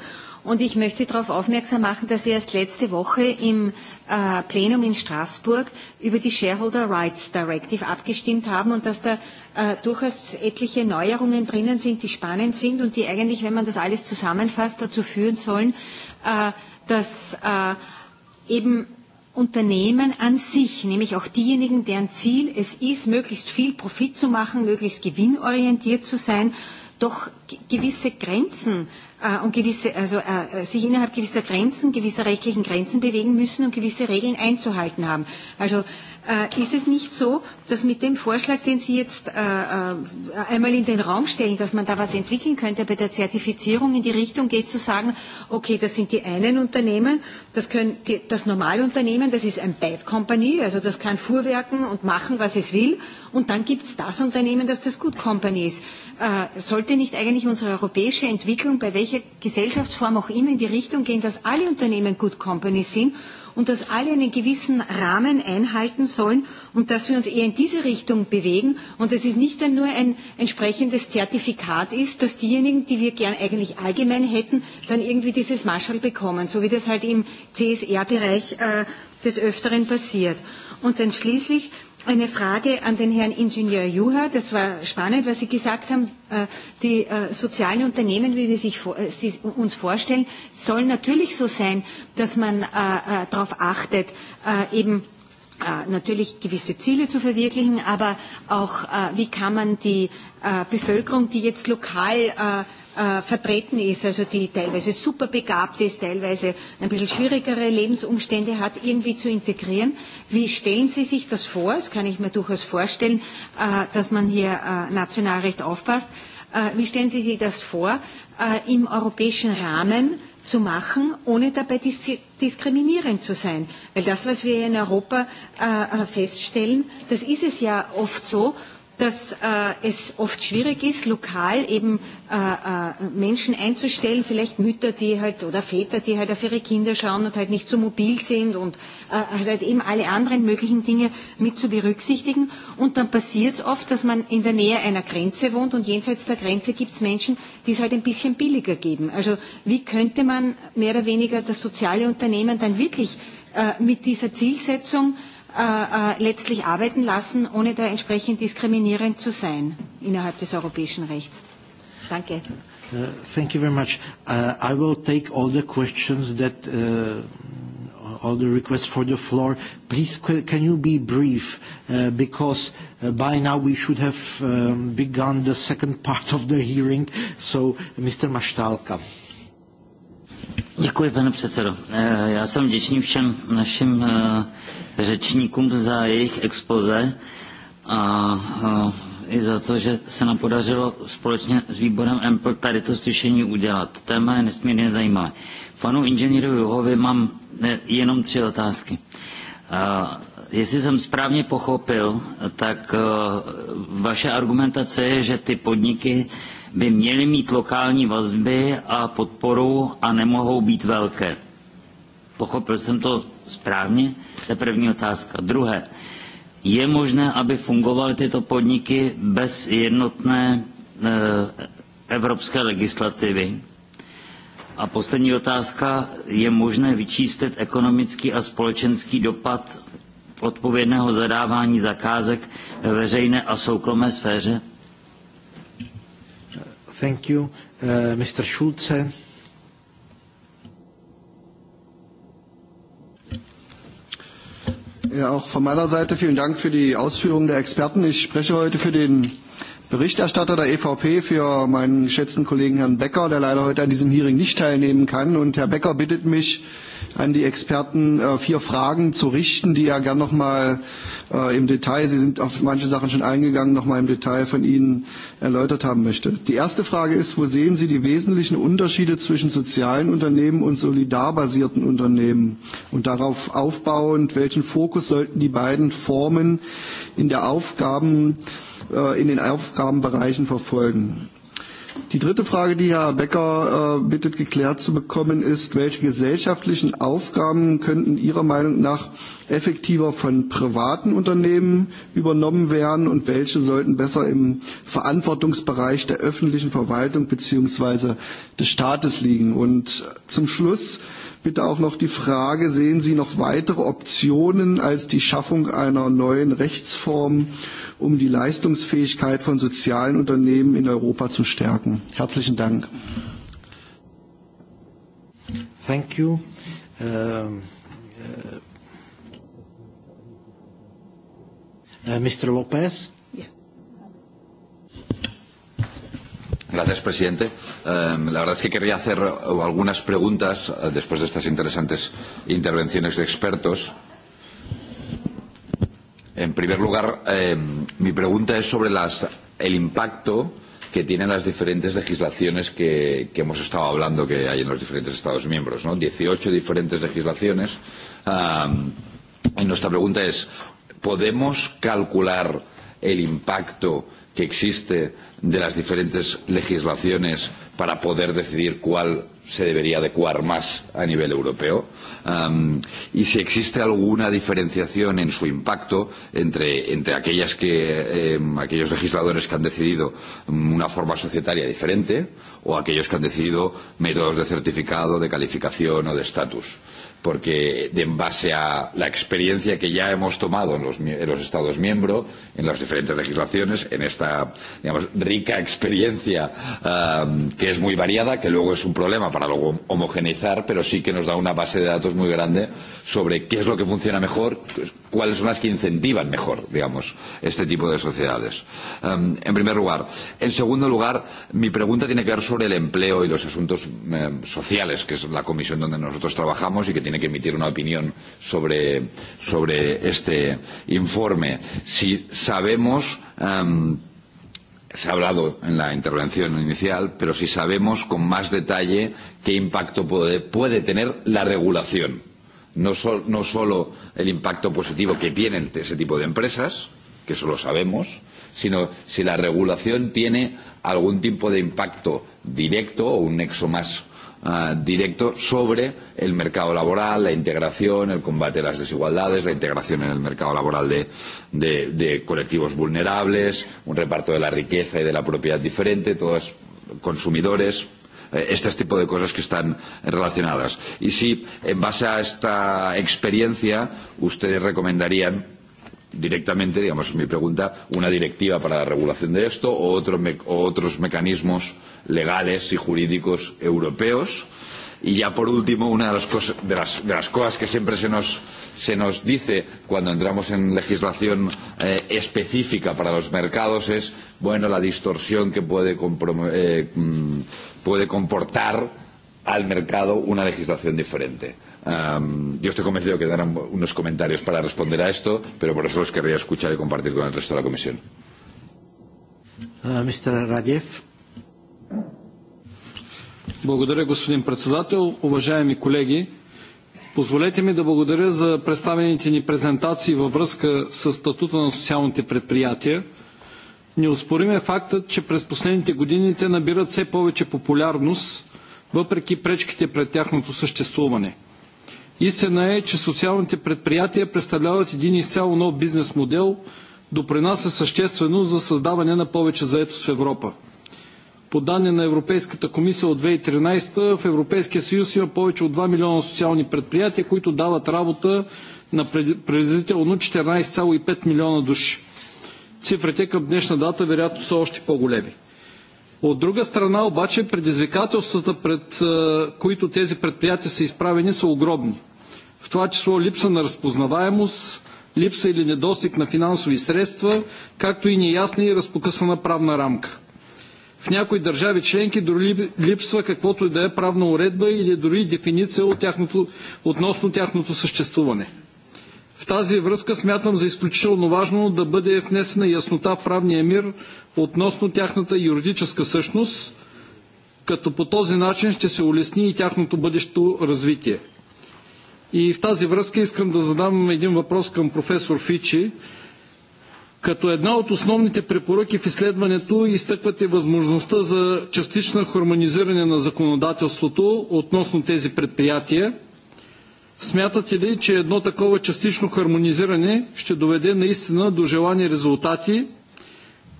Und ich möchte darauf aufmerksam machen, dass wir erst letzte Woche im äh, Plenum in Straßburg über die Shareholder Rights Directive abgestimmt haben und dass da äh, durchaus etliche Neuerungen drinnen sind, die spannend sind und die eigentlich, wenn man das alles zusammenfasst, dazu führen sollen, äh, dass äh, eben Unternehmen an sich, nämlich auch diejenigen, deren Ziel es ist, möglichst viel Profit zu machen, möglichst gewinnorientiert zu sein, doch gewisse Grenzen Äh, und gewisse, also äh, äh, sich innerhalb gewisser Grenzen, gewisser rechtlichen Grenzen bewegen müssen und gewisse Regeln einzuhalten haben. Also Äh, ist es nicht so, dass mit dem Vorschlag, den Sie jetzt äh, äh, einmal in den Raum stellen, dass man da was entwickeln könnte bei der Zertifizierung in die Richtung geht, zu sagen, okay, das sind die einen Unternehmen, das, können die, das Unternehmen, das ist ein Bad Company, also das kann fuhrwerken und machen, was es will, und dann gibt es das Unternehmen, das das Good Company ist. Sollte nicht eigentlich unsere europäische Entwicklung bei welcher Gesellschaftsform auch immer in die Richtung gehen, dass alle Unternehmen Good company sind und dass alle einen gewissen Rahmen einhalten sollen und dass wir uns eher in diese Richtung bewegen und dass es nicht dann nur ein entsprechendes Zertifikat ist, dass diejenigen, die wir gern eigentlich allgemein hätten, dann irgendwie dieses Marshall bekommen, so wie das halt im CSR-Bereich äh, des Öfteren passiert. Und dann schließlich eine Frage an den Herrn Ingenieur Juha. Das war spannend, was Sie gesagt haben. Äh, die äh, sozialen Unternehmen, wie wir sich, äh, uns vorstellen, sollen natürlich so sein, dass man darauf achtet, eben natürlich gewisse Ziele zu verwirklichen, aber auch, wie kann man die Bevölkerung, die jetzt lokal äh, vertreten ist, also die teilweise super begabt ist, teilweise ein bisschen schwierigere Lebensumstände hat, irgendwie zu integrieren. Wie stellen Sie sich das vor? Das kann ich mir durchaus vorstellen, äh, dass man hier äh, Nationalrecht aufpasst. Äh, wie stellen Sie sich das vor, äh, im europäischen Rahmen zu machen, ohne dabei dis diskriminierend zu sein? Weil das, was wir in Europa äh, feststellen, das ist es ja oft so dass äh, es oft schwierig ist, lokal eben äh, äh, Menschen einzustellen, vielleicht Mütter, die halt oder Väter, die halt auf ihre Kinder schauen und halt nicht so mobil sind und äh, also halt eben alle anderen möglichen Dinge mit zu berücksichtigen. Und dann passiert es oft, dass man in der Nähe einer Grenze wohnt und jenseits der Grenze gibt es Menschen, die es halt ein bisschen billiger geben. Also wie könnte man mehr oder weniger das soziale Unternehmen dann wirklich äh, mit dieser Zielsetzung Äh, äh, letztlich arbeiten lassen, ohne da entsprechend diskriminierend zu sein innerhalb des europäischen Rechts. Danke. Uh, thank you very much. Uh, I will take all the questions that uh, all the requests for the floor. Please, can you be brief? Uh, because uh, by now we should have um, begun the second part of the hearing. So, Mr. Maštálka. Děkuji, pane předsedo. Uh, já jsem děčný všem našim uh, řečníkům za jejich expoze a i za to, že se nám podařilo společně s výborem EMPL tady to slyšení udělat. Téma je nesmírně zajímavé. Panu inženýru Juhovi mám jenom tři otázky. Jestli jsem správně pochopil, tak vaše argumentace je, že ty podniky by měly mít lokální vazby a podporu a nemohou být velké. Pochopil jsem to správně, to je první otázka. Druhé, je možné, aby fungovaly tyto podniky bez jednotné eh, evropské legislativy? A poslední otázka, je možné vyčístit ekonomický a společenský dopad odpovědného zadávání zakázek ve veřejné a soukromé sféře? Thank you. Eh, Mr. Schulze. Ja, auch von meiner Seite vielen Dank für die Ausführungen der Experten. Ich spreche heute für den Berichterstatter der EVP für meinen geschätzten Kollegen Herrn Becker, der leider heute an diesem Hearing nicht teilnehmen kann. Und Herr Becker bittet mich, an die Experten äh, vier Fragen zu richten, die er gern noch mal äh, im Detail, Sie sind auf manche Sachen schon eingegangen, noch mal im Detail von Ihnen erläutert haben möchte. Die erste Frage ist, wo sehen Sie die wesentlichen Unterschiede zwischen sozialen Unternehmen und solidarbasierten Unternehmen? Und darauf aufbauend, welchen Fokus sollten die beiden Formen in der Aufgaben Äh, in den Aufgabenbereichen verfolgen. Die dritte Frage, die Herr Becker äh, bittet geklärt zu bekommen, ist, welche gesellschaftlichen Aufgaben könnten Ihrer Meinung nach effektiver von privaten Unternehmen übernommen werden und welche sollten besser im Verantwortungsbereich der öffentlichen Verwaltung bzw. des Staates liegen? Und zum Schluss bitte auch noch die Frage, sehen Sie noch weitere Optionen als die Schaffung einer neuen Rechtsform um die Leistungsfähigkeit von sozialen Unternehmen in Europa zu stärken. Herzlichen Dank. Thank you. Um, uh, uh, Mr. Lopez. Gracias, presidente. Eh, la verdad es que querría hacer algunas preguntas uh, después de estas interesantes intervenciones de expertos. En primer lugar, eh, mi pregunta es sobre las, el impacto que tienen las diferentes legislaciones que, que hemos estado hablando que hay en los diferentes Estados miembros. ¿no? 18 diferentes legislaciones. Um, y nuestra pregunta es, ¿podemos calcular el impacto que existe de las diferentes legislaciones para poder decidir cuál se debería adecuar más a nivel europeo um, y si existe alguna diferenciación en su impacto entre, entre aquellas que, eh, aquellos legisladores que han decidido mm, una forma societaria diferente o aquellos que han decidido métodos de certificado, de calificación o de estatus porque en base a la experiencia que ya hemos tomado en los, los Estados miembros, en las diferentes legislaciones, en esta digamos, rica experiencia que es muy variada, que luego es un problema para luego homogeneizar, pero sí que nos da una base de datos muy grande sobre qué es lo que funciona mejor, cuáles son las que incentivan mejor, digamos, este tipo de sociedades. en primer lugar. En segundo lugar, mi pregunta tiene que ver sobre el empleo y los asuntos sociales, que es la comisión donde nosotros trabajamos y que tiene que emitir una opinión sobre, este informe. Si sabemos se ha hablado en la intervención inicial, pero si sabemos con más detalle qué impacto puede, puede tener la regulación. No, no solo el impacto positivo que tienen ese tipo de empresas, que eso lo sabemos, sino si la regulación tiene algún tipo de impacto directo o un nexo más Eh, directo sobre el mercado laboral, la integración, el combate a las desigualdades, la integración en el mercado laboral de, de, colectivos vulnerables, un reparto de la riqueza y de la propiedad diferente, todos consumidores, eh, este tipo de cosas que están relacionadas. Y si en base a esta experiencia ustedes recomendarían directamente, digamos, mi pregunta, una directiva para la regulación de esto o, otro o otros mecanismos legales y jurídicos europeos y ya por último una de las cosas de las, cosas que siempre se nos se nos dice cuando entramos en legislación eh, específica para los mercados es bueno la distorsión que puede eh, mm, puede comportar al mercado una legislación diferente. yo estoy convencido que darán unos comentarios para responder a esto, pero por eso los querría escuchar y compartir con el resto de la comisión. Uh, ah, Mr. Благодаря, господин председател. Уважаеми колеги, позволете ми да благодаря за представените ни презентации във връзка с статута на социалните предприятия. Неоспорим е фактът, че през последните години те набират все повече популярност, въпреки пречките пред тяхното съществуване. Истина е, че социалните предприятия представляват един изцяло нов бизнес модел, допринася съществено за създаване на повече заетост в Европа. По данни на Европейската комисия от 2013 в Европейския съюз има повече от 2 милиона социални предприятия, които дават работа на приблизително 14,5 милиона души. Цифрите към днешна дата вероятно са още по-големи. От друга страна обаче предизвикателствата, пред които тези предприятия са изправени, са огромни. В това число липса на разпознаваемост, липса или недостиг на финансови средства, както и неясна и разпокъсана правна рамка – В някои държави членки дори липсва каквото и да е правна уредба или дори дефиниция от тяхното, относно тяхното съществуване. В тази връзка смятам за изключително важно да бъде внесена яснота в правния мир относно тяхната юридическа същност, като по този начин ще се улесни и тяхното бъдещо развитие. И в тази връзка искам да задам един въпрос към професор Фичи Като една от основните препоръки в изследването изтъквате възможността за частично хармонизиране на законодателството относно тези предприятия. Смятате ли, че едно такова частично хармонизиране ще доведе наистина до желани резултати,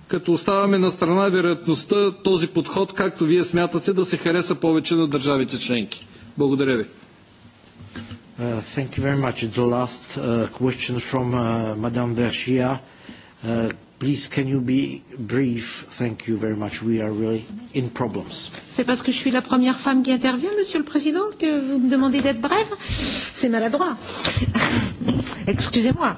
като оставаме на страна вероятността този подход, както вие смятате, да се хареса повече на държавите членки? Благодаря ви. Uh, thank you very much. The last uh, question from uh, Madame Vergia Uh, please, can you be brief? Thank you very much. We are really in problems. C'est parce que je suis la première femme qui intervient, Monsieur le Président, que vous me demandez d'être brève. C'est maladroit. Excusez-moi.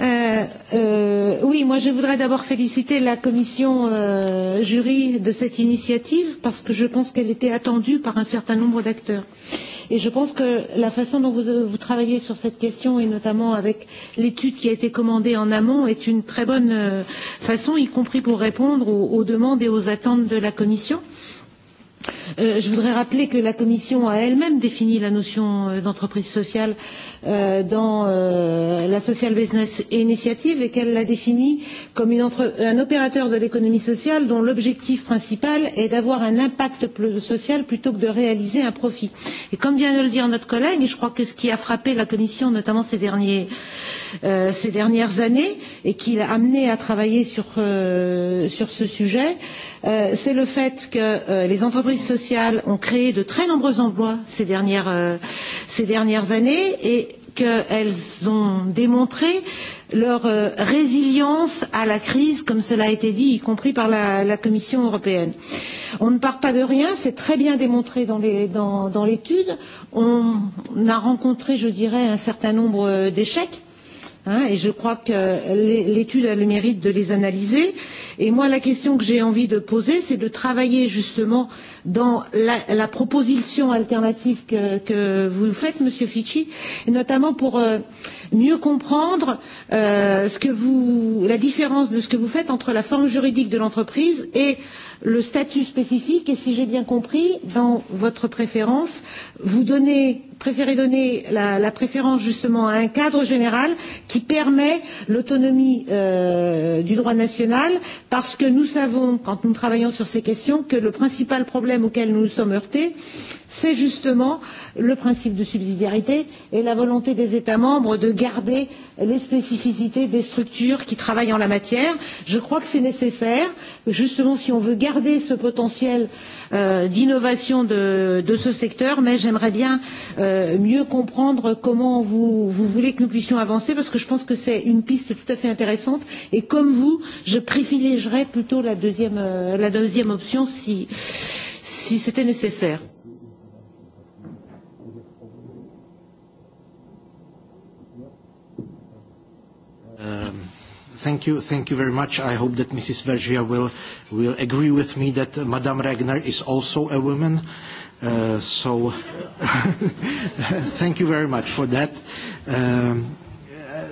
Euh, euh, oui, moi je voudrais d'abord féliciter la commission euh, jury de cette initiative parce que je pense qu'elle était attendue par un certain nombre d'acteurs. Et je pense que la façon dont vous, vous travaillez sur cette question, et notamment avec l'étude qui a été commandée en amont, est une très bonne euh, façon, y compris pour répondre aux, aux demandes et aux attentes de la Commission. Euh, je voudrais rappeler que la Commission a elle-même défini la notion euh, d'entreprise sociale Euh, dans euh, la Social Business Initiative et qu'elle l'a définit comme une entre, un opérateur de l'économie sociale dont l'objectif principal est d'avoir un impact social plutôt que de réaliser un profit. Et comme vient de le dire notre collègue, je crois que ce qui a frappé la Commission notamment ces, derniers, euh, ces dernières années et qui l'a amené à travailler sur, sur ce sujet, c'est le fait que les entreprises sociales ont créé de très nombreux emplois ces dernières, ces dernières années et qu'elles ont démontré leur euh, résilience à la crise, comme cela a été dit, y compris par la, la Commission européenne. On ne part pas de rien, c'est très bien démontré dans l'étude. Dans, dans on a rencontré, je dirais, un certain nombre d'échecs hein, et je crois que euh, l'étude a le mérite de les analyser. Et moi, la question que j'ai envie de poser, c'est de travailler justement dans la, la proposition alternative que, que vous faites, Monsieur Fitchi, et notamment pour euh, mieux comprendre euh, ce que vous, la différence de ce que vous faites entre la forme juridique de l'entreprise et le statut spécifique. Et si j'ai bien compris, dans votre préférence, vous donnez préféré donner la, la préférence justement à un cadre général qui permet l'autonomie euh, du droit national parce que nous savons, quand nous travaillons sur ces questions, que le principal problème auquel nous nous sommes heurtés, c'est justement le principe de subsidiarité et la volonté des États membres de garder les spécificités des structures qui travaillent en la matière. Je crois que c'est nécessaire, justement si on veut garder ce potentiel euh, d'innovation de, de ce secteur, mais j'aimerais bien euh, Euh, mieux comprendre comment vous, vous voulez que nous puissions avancer, parce que je pense que c'est une piste tout à fait intéressante. Et comme vous, je privilégierais plutôt la deuxième, euh, la deuxième option si, si c'était nécessaire. Um, thank you, thank you very much. I hope that Mrs. Vergia will, will agree with me that Madame Regner is also a woman. Uh, Uh, so thank you very much for that. Um, uh,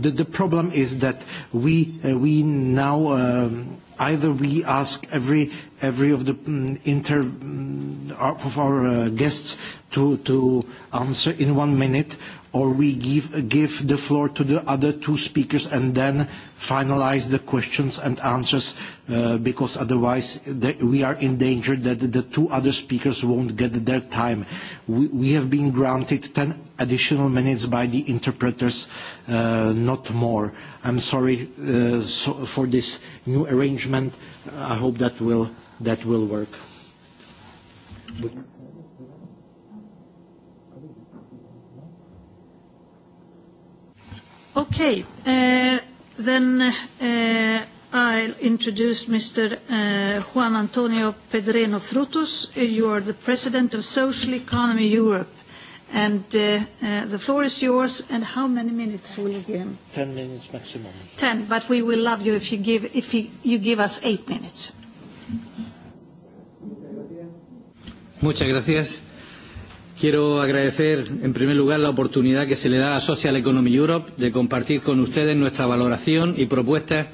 the, problem is that we, uh, we now um, either we ask every every of the mm, inter mm, of our uh, guests to to answer in one minute or we give, the floor to the other two speakers and then finalize the questions and answers uh, because otherwise we are in danger that the two other speakers won't get their time. We, have been granted 10 additional minutes by the interpreters, uh, not more. I'm sorry uh, for this new arrangement. I hope that will, work. Okay, uh, then uh, I'll introduce Mr. Uh, Juan Antonio Pedreno Frutos. You are the President of Social Economy Europe. And the floor is yours. And how many minutes will you give him? minutes maximum. 10. but we will love you if you give, give us eight minutes. Muchas gracias. Quiero agradecer, en primer lugar, la oportunidad que se le da a Social Economy Europe de compartir con ustedes nuestra valoración y propuestas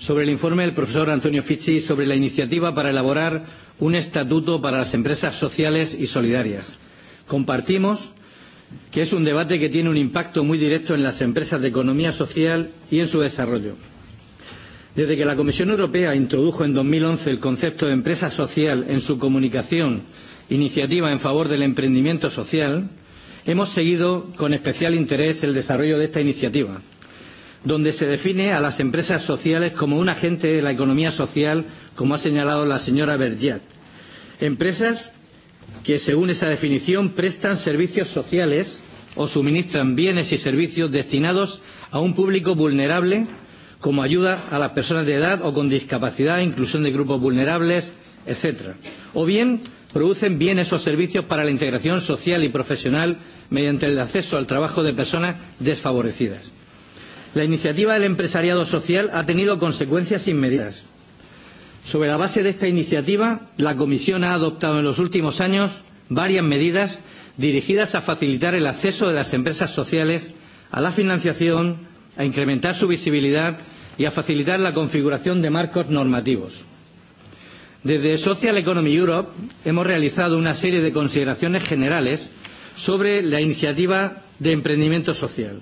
sobre el informe del profesor Antonio Fichi sobre la iniciativa para elaborar un estatuto para las empresas sociales y solidarias. Compartimos que es un debate que tiene un impacto muy directo en las empresas de economía social y en su desarrollo. Desde que la Comisión Europea introdujo en 2011 el concepto de empresa social en su comunicación iniciativa en favor del emprendimiento social, hemos seguido con especial interés el desarrollo de esta iniciativa, donde se define a las empresas sociales como un agente de la economía social, como ha señalado la señora Bergiat. Empresas que, según esa definición, prestan servicios sociales o suministran bienes y servicios destinados a un público vulnerable, como ayuda a las personas de edad o con discapacidad, inclusión de grupos vulnerables, etc. O bien producen bienes o servicios para la integración social y profesional mediante el acceso al trabajo de personas desfavorecidas. La iniciativa del empresariado social ha tenido consecuencias inmediatas. Sobre la base de esta iniciativa, la Comisión ha adoptado en los últimos años varias medidas dirigidas a facilitar el acceso de las empresas sociales a la financiación, a incrementar su visibilidad y a facilitar la configuración de marcos normativos. Desde Social Economy Europe hemos realizado una serie de consideraciones generales sobre la iniciativa de emprendimiento social.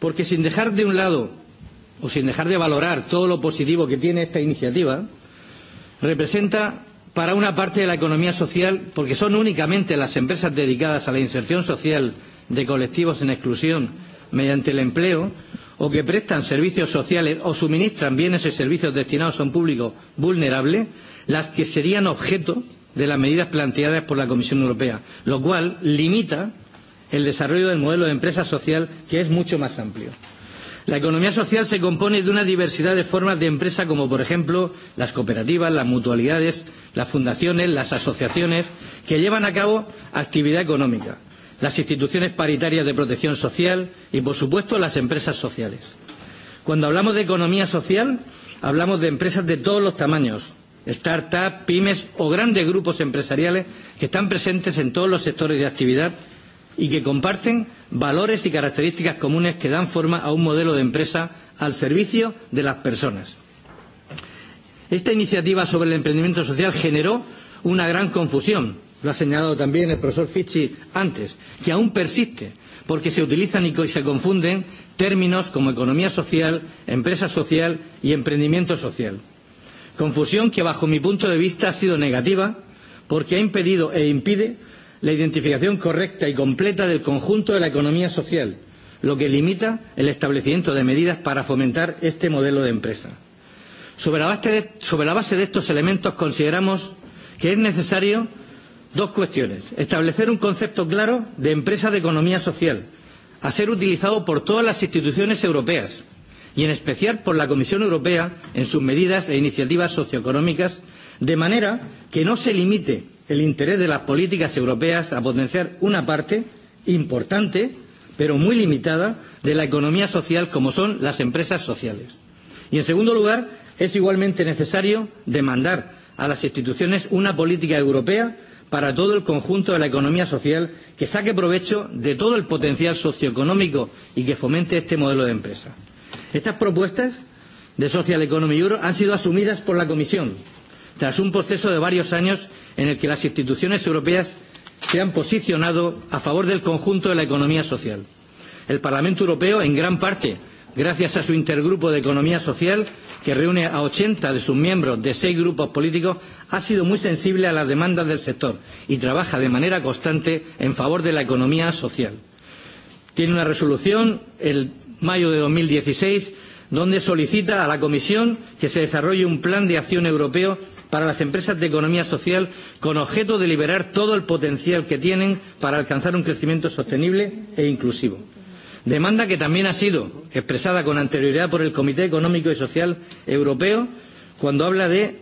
Porque sin dejar de un lado o sin dejar de valorar todo lo positivo que tiene esta iniciativa, representa para una parte de la economía social, porque son únicamente las empresas dedicadas a la inserción social de colectivos en exclusión mediante el empleo, o que prestan servicios sociales o suministran bienes y servicios destinados a un público vulnerable, las que serían objeto de las medidas planteadas por la Comisión Europea, lo cual limita el desarrollo del modelo de empresa social, que es mucho más amplio. La economía social se compone de una diversidad de formas de empresa, como por ejemplo las cooperativas, las mutualidades, las fundaciones, las asociaciones, que llevan a cabo actividad económica, las instituciones paritarias de protección social y, por supuesto, las empresas sociales. Cuando hablamos de economía social, hablamos de empresas de todos los tamaños, start up pymes o grandes grupos empresariales que están presentes en todos los sectores de actividad y que comparten valores y características comunes que dan forma a un modelo de empresa al servicio de las personas. Esta iniciativa sobre el emprendimiento social generó una gran confusión, lo ha señalado también el profesor Fichi antes, que aún persiste porque se utilizan y se confunden términos como economía social, empresa social y emprendimiento social confusión que bajo mi punto de vista ha sido negativa porque ha impedido e impide la identificación correcta y completa del conjunto de la economía social lo que limita el establecimiento de medidas para fomentar este modelo de empresa. Sobre la base de, estos elementos consideramos que es necesario dos cuestiones establecer un concepto claro de empresa de economía social a ser utilizado por todas las instituciones europeas y en especial por la Comisión Europea en sus medidas e iniciativas socioeconómicas, de manera que no se limite el interés de las políticas europeas a potenciar una parte importante, pero muy limitada, de la economía social como son las empresas sociales. Y en segundo lugar, es igualmente necesario demandar a las instituciones una política europea para todo el conjunto de la economía social que saque provecho de todo el potencial socioeconómico y que fomente este modelo de empresa. Estas propuestas de Social Economy Euro han sido asumidas por la Comisión, tras un proceso de varios años en el que las instituciones europeas se han posicionado a favor del conjunto de la economía social. El Parlamento Europeo, en gran parte gracias a su intergrupo de economía social, que reúne a 80 de sus miembros de seis grupos políticos, ha sido muy sensible a las demandas del sector y trabaja de manera constante en favor de la economía social. Tiene una resolución el mayo de 2016, donde solicita a la Comisión que se desarrolle un plan de acción europeo para las empresas de economía social con objeto de liberar todo el potencial que tienen para alcanzar un crecimiento sostenible e inclusivo. Demanda que también ha sido expresada con anterioridad por el Comité Económico y Social Europeo cuando habla de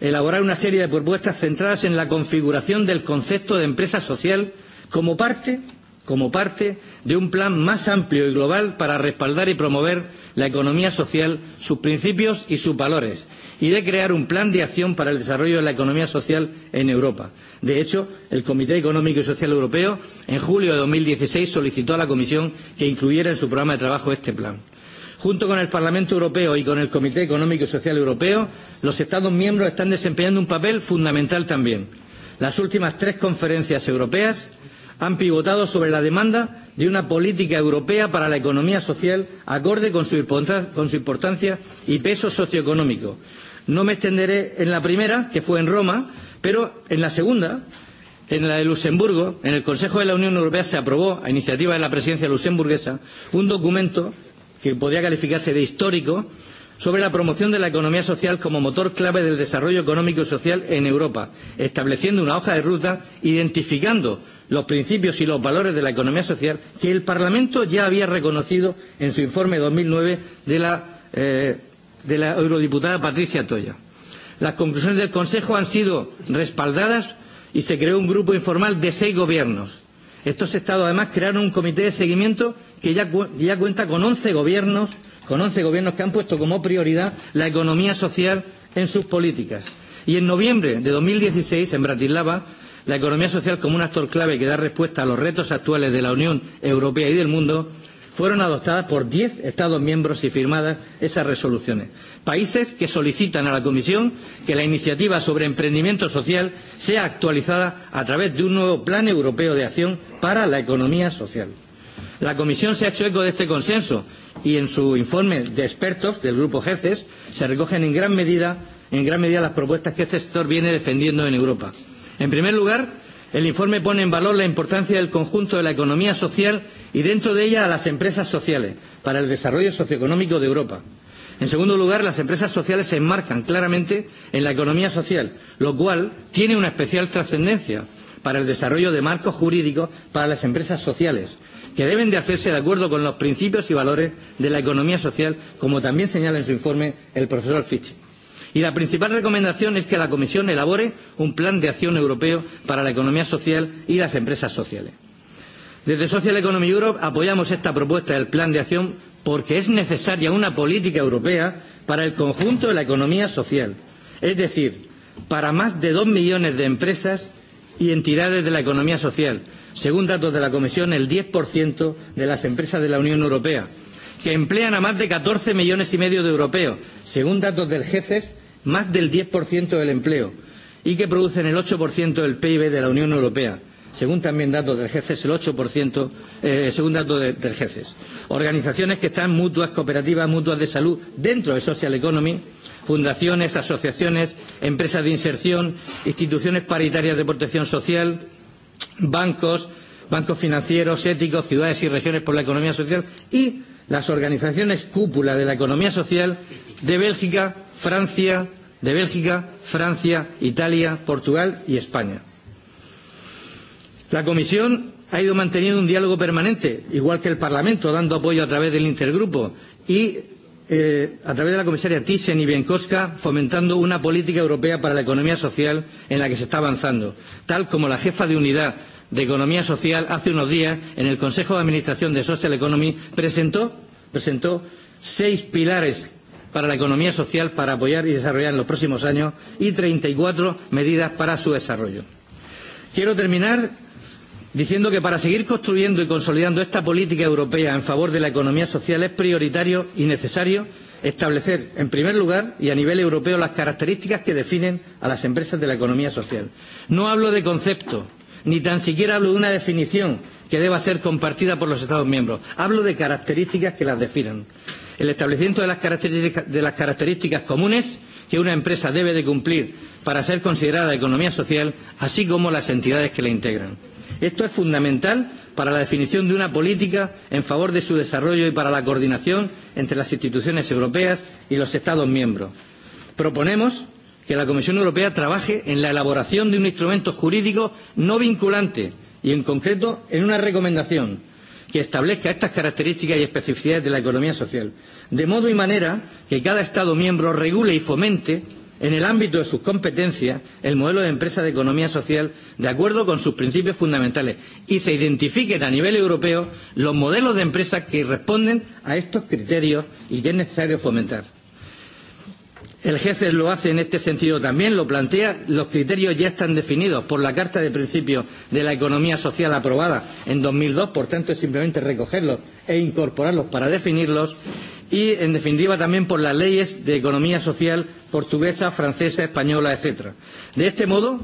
elaborar una serie de propuestas centradas en la configuración del concepto de empresa social como parte como parte de un plan más amplio y global para respaldar y promover la economía social, sus principios y sus valores, y de crear un plan de acción para el desarrollo de la economía social en Europa. De hecho, el Comité Económico y Social Europeo, en julio de 2016, solicitó a la Comisión que incluyera en su programa de trabajo este plan. Junto con el Parlamento Europeo y con el Comité Económico y Social Europeo, los Estados miembros están desempeñando un papel fundamental también. Las últimas tres conferencias europeas han pivotado sobre la demanda de una política europea para la economía social acorde con su, importancia y peso socioeconómico. No me extenderé en la primera, que fue en Roma, pero en la segunda, en la de Luxemburgo, en el Consejo de la Unión Europea se aprobó, a iniciativa de la presidencia luxemburguesa, un documento que podría calificarse de histórico sobre la promoción de la economía social como motor clave del desarrollo económico y social en Europa, estableciendo una hoja de ruta, identificando los principios y los valores de la economía social que el Parlamento ya había reconocido en su informe 2009 de la, eh, de la eurodiputada Patricia Toya. Las conclusiones del Consejo han sido respaldadas y se creó un grupo informal de seis gobiernos. Estos estados además crearon un comité de seguimiento que ya, ya cuenta con 11 gobiernos, con 11 gobiernos que han puesto como prioridad la economía social en sus políticas. Y en noviembre de 2016 en Bratislava la economía social como un actor clave que da respuesta a los retos actuales de la Unión Europea y del mundo, fueron adoptadas por diez Estados miembros y firmadas esas resoluciones. Países que solicitan a la Comisión que la iniciativa sobre emprendimiento social sea actualizada a través de un nuevo Plan Europeo de Acción para la Economía Social. La Comisión se ha hecho eco de este consenso y en su informe de expertos del Grupo GECES se recogen en gran medida, en gran medida las propuestas que este sector viene defendiendo en Europa En primer lugar, el informe pone en valor la importancia del conjunto de la economía social y dentro de ella a las empresas sociales para el desarrollo socioeconómico de Europa. En segundo lugar, las empresas sociales se enmarcan claramente en la economía social, lo cual tiene una especial trascendencia para el desarrollo de marcos jurídicos para las empresas sociales, que deben de hacerse de acuerdo con los principios y valores de la economía social, como también señala en su informe el profesor Fitch y la principal recomendación es que la comisión elabore un plan de acción europeo para la economía social y las empresas sociales. desde social economy europe apoyamos esta propuesta del plan de acción porque es necesaria una política europea para el conjunto de la economía social es decir para más de dos millones de empresas y entidades de la economía social según datos de la comisión el diez de las empresas de la unión europea que emplean a más de 14 millones y medio de europeos, según datos del GECES, más del 10% del empleo, y que producen el 8% del PIB de la Unión Europea, según también datos del GECES, el 8%, eh, según datos del GECES. Organizaciones que están mutuas, cooperativas, mutuas de salud, dentro de Social Economy, fundaciones, asociaciones, empresas de inserción, instituciones paritarias de protección social, bancos, bancos financieros, éticos, ciudades y regiones por la economía social y las organizaciones cúpula de la economía social de Bélgica, Francia, de Bélgica, Francia, Italia, Portugal y España. La Comisión ha ido manteniendo un diálogo permanente, igual que el Parlamento, dando apoyo a través del intergrupo y eh, a través de la comisaria Thyssen y Bienkowska, fomentando una política europea para la economía social en la que se está avanzando, tal como la jefa de unidad de Economía Social hace unos días en el Consejo de Administración de Social Economy presentó, seis pilares para la economía social para apoyar y desarrollar en los próximos años y 34 medidas para su desarrollo. Quiero terminar diciendo que para seguir construyendo y consolidando esta política europea en favor de la economía social es prioritario y necesario establecer en primer lugar y a nivel europeo las características que definen a las empresas de la economía social. No hablo de concepto, ni tan siquiera hablo de una definición que deba ser compartida por los Estados miembros. Hablo de características que las definan. El establecimiento de las características, de las características comunes que una empresa debe de cumplir para ser considerada economía social, así como las entidades que la integran. Esto es fundamental para la definición de una política en favor de su desarrollo y para la coordinación entre las instituciones europeas y los Estados miembros. Proponemos que la Comisión Europea trabaje en la elaboración de un instrumento jurídico no vinculante y, en concreto, en una recomendación que establezca estas características y especificidades de la economía social, de modo y manera que cada Estado miembro regule y fomente en el ámbito de sus competencias el modelo de empresa de economía social de acuerdo con sus principios fundamentales y se identifiquen a nivel europeo los modelos de empresa que responden a estos criterios y que es necesario fomentar el jefe lo hace en este sentido también, lo plantea, los criterios ya están definidos por la Carta de Principios de la Economía Social aprobada en 2002, por tanto es simplemente recogerlos e incorporarlos para definirlos, y en definitiva también por las leyes de economía social portuguesa, francesa, española, etc. De este modo,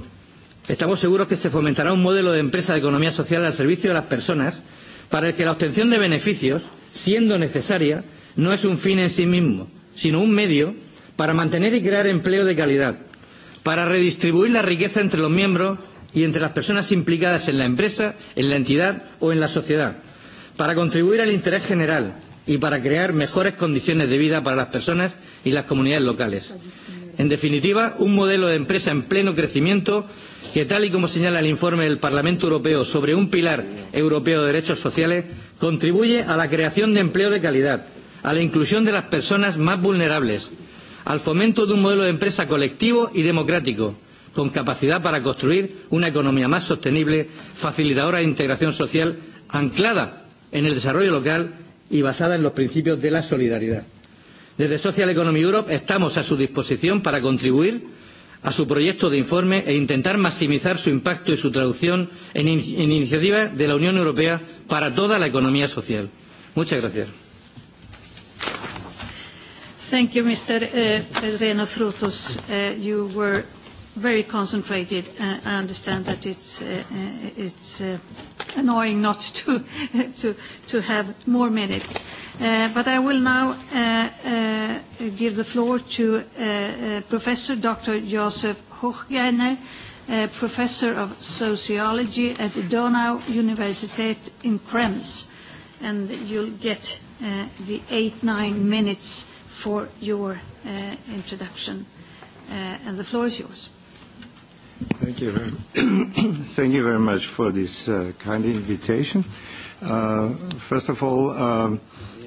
estamos seguros que se fomentará un modelo de empresa de economía social al servicio de las personas, para el que la obtención de beneficios, siendo necesaria, no es un fin en sí mismo, sino un medio para mantener y crear empleo de calidad, para redistribuir la riqueza entre los miembros y entre las personas implicadas en la empresa, en la entidad o en la sociedad, para contribuir al interés general y para crear mejores condiciones de vida para las personas y las comunidades locales. En definitiva, un modelo de empresa en pleno crecimiento que, tal y como señala el informe del Parlamento Europeo sobre un pilar europeo de derechos sociales, contribuye a la creación de empleo de calidad, a la inclusión de las personas más vulnerables, al fomento de un modelo de empresa colectivo y democrático, con capacidad para construir una economía más sostenible, facilitadora de integración social, anclada en el desarrollo local y basada en los principios de la solidaridad. Desde Social Economy Europe estamos a su disposición para contribuir a su proyecto de informe e intentar maximizar su impacto y su traducción en, iniciativas de la Unión Europea para toda la economía social. Muchas gracias. Thank you, Mr. Uh, Reno Frutos. Uh, you were very concentrated. Uh, I understand that it's, it's annoying not to, to, have more minutes. But I will now give the floor to Professor Dr. Josef Hochgärtner, Professor of Sociology at the Donau Universität in Krems. And you'll get the eight, nine minutes for your uh, introduction. Uh, and the floor is yours. Thank you very, Thank you very much for this uh, kind invitation. first of all, um,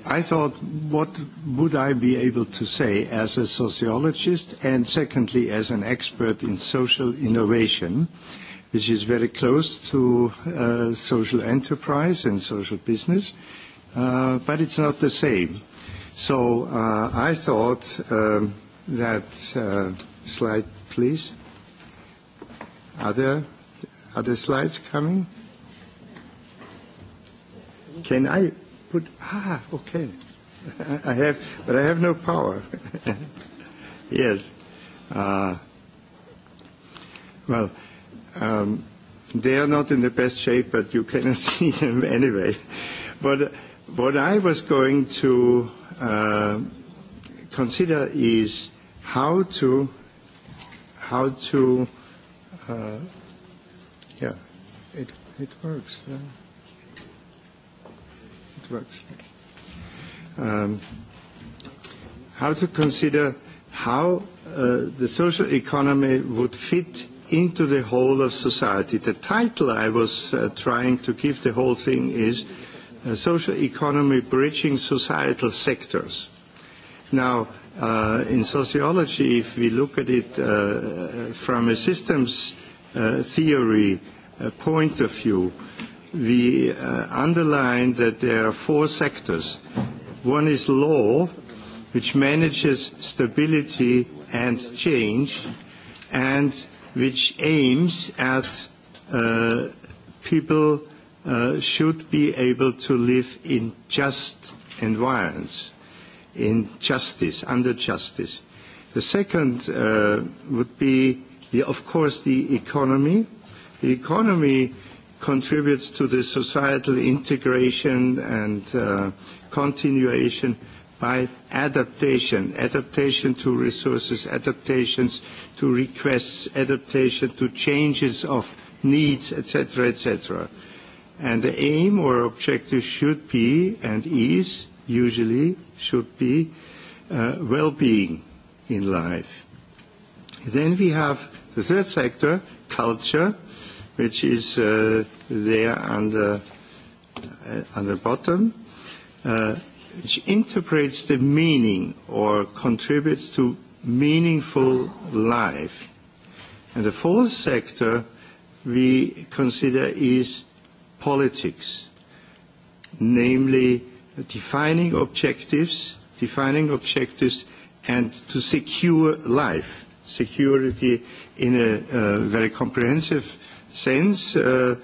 I thought, what would I be able to say as a sociologist and secondly as an expert in social innovation, which is very close to social enterprise and social business, but it's not the same. So uh, I thought um, that uh, slide, please. Are there, are slides coming? Can I put, ah, okay. I have, but I have no power. yes. Uh, well, um, they are not in the best shape, but you cannot see them anyway. But What I was going to uh, consider is how to how to uh, yeah it it works yeah. it works um, how to consider how uh, the social economy would fit into the whole of society the title I was uh, trying to give the whole thing is Uh, social economy bridging societal sectors. Now, uh, in sociology, if we look at it uh, from a systems uh, theory uh, point of view, we uh, underline that there are four sectors. One is law, which manages stability and change, and which aims at people Uh, should be able to live in just environments, in justice, under justice. The second uh, would be, the, of course, the economy. The economy contributes to the societal integration and uh, continuation by adaptation, adaptation to resources, adaptations to requests, adaptation to changes of needs, etc., etc. And the aim or objective should be, and is usually, should be uh, well-being in life. Then we have the third sector, culture, which is uh, there under uh, on the bottom, uh, which interprets the meaning or contributes to meaningful life. And the fourth sector we consider is politics, namely defining objectives, defining objectives and to secure life, security in a uh, very comprehensive sense, uh,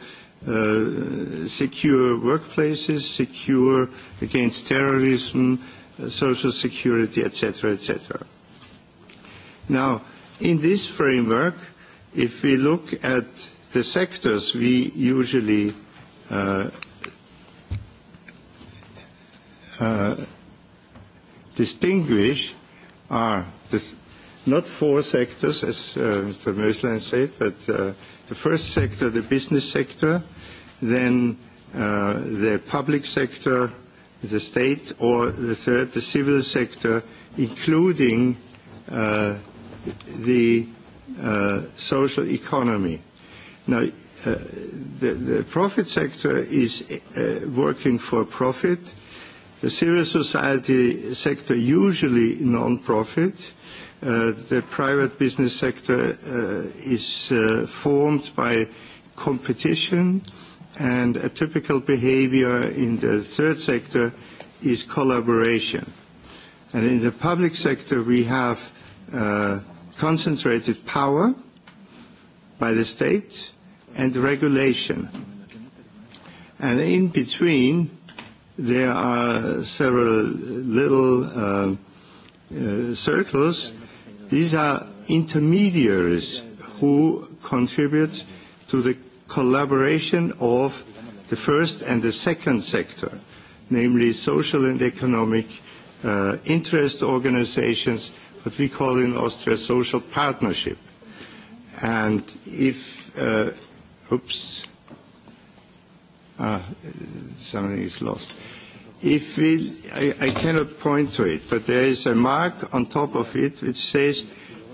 uh, secure workplaces, secure against terrorism, uh, social security, etc., etc. Now, in this framework, if we look at the sectors we usually Uh, uh, distinguish are this, not four sectors, as uh, Mr. Möslein said, but the first sector, the business sector, then the public sector, the state, or the third, the civil sector, including uh, the uh, social economy. Now, the, profit sector is uh, working for profit. The civil society sector usually non-profit. Uh, the private business sector uh, is uh, formed by competition and a typical behavior in the third sector is collaboration. And in the public sector we have uh, concentrated power by the state and regulation. And in between, there are several little uh, uh, circles. These are intermediaries who contribute to the collaboration of the first and the second sector, namely social and economic uh, interest organizations, what we call in Austria social partnership. And if uh, Oops. Ah, something is lost. If I, I cannot point to it, but there is a mark on top of it which says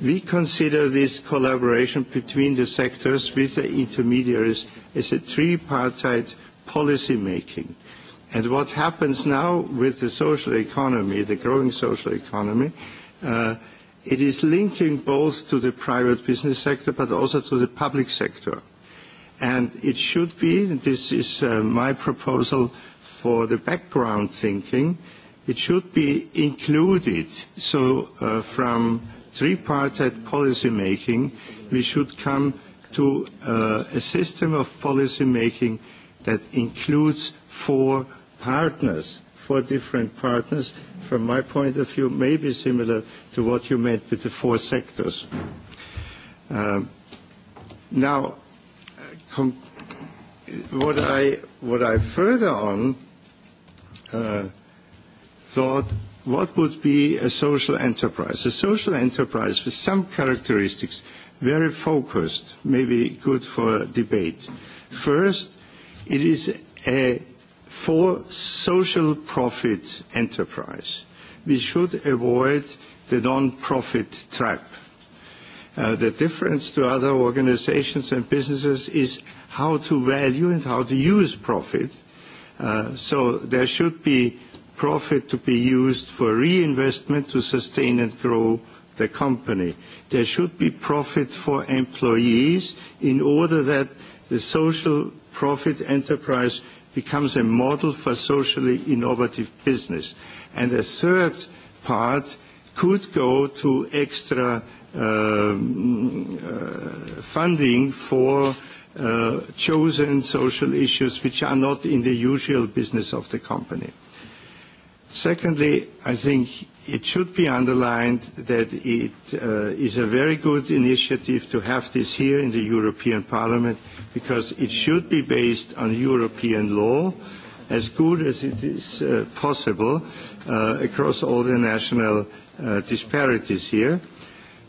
we consider this collaboration between the sectors with the intermediaries as a tripartite policy making. And what happens now with the social economy, the growing social economy, uh, it is linking both to the private business sector but also to the public sector. And it should be, this is uh, my proposal for the background thinking, it should be included. So uh, from tripartite policy making, we should come to uh, a system of policy making that includes four partners, four different partners. From my point of view, maybe similar to what you meant with the four sectors. Uh, now, what I I further on uh, thought what would be a social enterprise? A social enterprise with some characteristics, very focused, maybe good for debate. First, it is a for social profit enterprise. We should avoid the non-profit trap Uh, the difference to other organizations and businesses is how to value and how to use profit. Uh, so there should be profit to be used for reinvestment to sustain and grow the company. There should be profit for employees in order that the social profit enterprise becomes a model for socially innovative business. And a third part could go to extra Uh, uh, funding for uh, chosen social issues which are not in the usual business of the company. Secondly, I think it should be underlined that it uh, is a very good initiative to have this here in the European Parliament because it should be based on European law as good as it is uh, possible uh, across all the national disparities here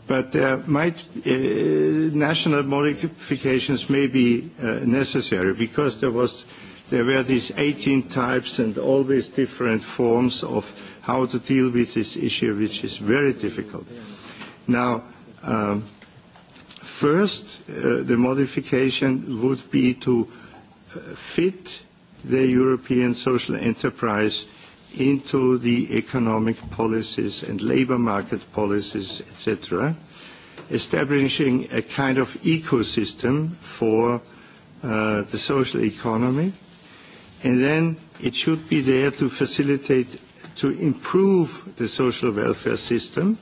but there uh, might uh, national modifications may be uh, necessary because there was there were these 18 types and all these different forms of how to deal with this issue which is very difficult now um, first uh, the modification would be to uh, fit the european social enterprise into the economic policies and labour market policies, etc., establishing a kind of ecosystem for uh, the social economy. And then it should be there to facilitate, to improve the social welfare system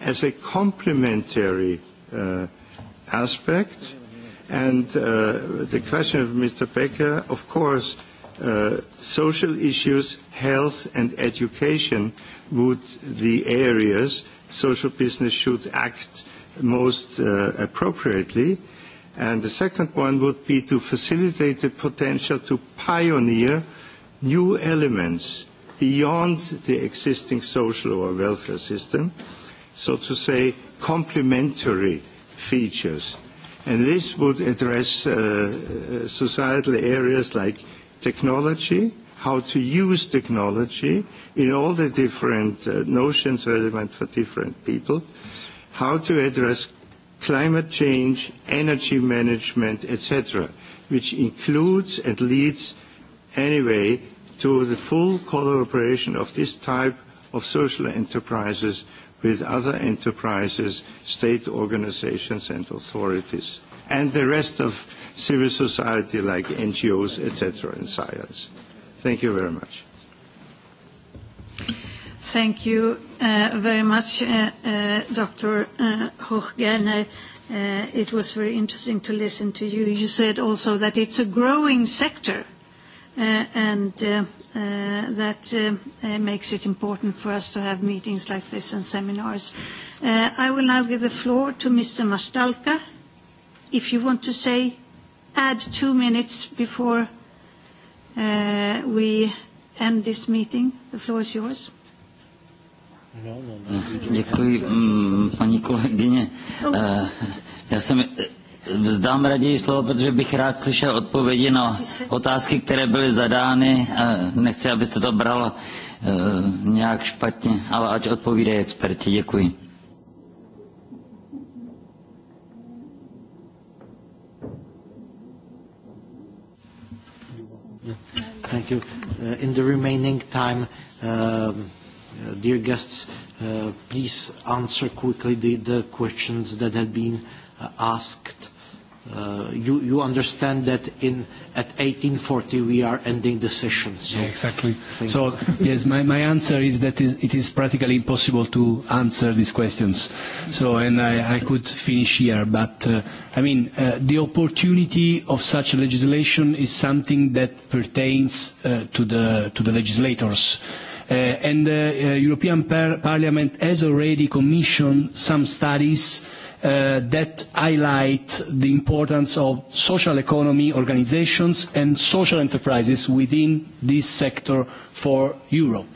as a complementary uh, aspect. And uh, the question of Mr. Becker, of course, Uh, social issues, health and education would the areas social business should act most uh, appropriately. And the second one would be to facilitate the potential to pioneer new elements beyond the existing social or welfare system, so to say complementary features. And this would address uh, societal areas like technology, how to use technology in all the different uh, notions relevant for different people, how to address climate change, energy management, etc., which includes and leads anyway to the full cooperation of this type of social enterprises with other enterprises, state organizations and authorities, and the rest of civil society like NGOs, etc., in science. Thank you very much. Thank you uh, very much, uh, uh, Dr. Uh, Hochgerner. Uh, it was very interesting to listen to you. You said also that it's a growing sector, uh, and that makes it important for us to have meetings like this and seminars. I will now give the floor to Mr. Mastalka, if you want to say add two minutes before uh, we end this meeting. The floor is yours. No, no, eh, Děkuji, mm, paní kolegyně. Oh. Eh, já jsem eh, vzdám raději slovo, protože bych rád slyšel odpovědi na otázky, které byly zadány. Nechci, abyste to bral nějak špatně, ale ať odpovídají experti. Děkuji. Thank you. Uh, in the remaining time, um, uh, dear guests, uh, please answer quickly the, the questions that have been asked Uh, you, you understand that in at 18.40 we are ending the session. So. exactly. So, yes, my, my answer is that it is practically impossible to answer these questions. So, and I, I could finish here, but uh, I mean, uh, the opportunity of such legislation is something that pertains to, the, to the legislators. and the European Parliament has already commissioned some studies Uh, that highlight the importance of social economy organizations and social enterprises within this sector for Europe.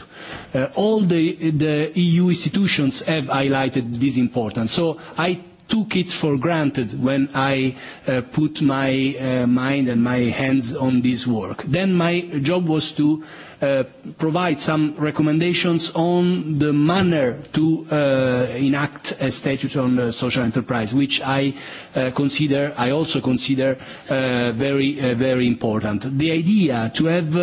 Uh, all the, the EU institutions have highlighted this importance. So I took it for granted when I uh, put my mind and my hands on this work. Then my job was to Uh, provide some recommendations on the manner to uh, enact a statute on uh, social enterprise, which I consider, I also consider very, very important. The idea to have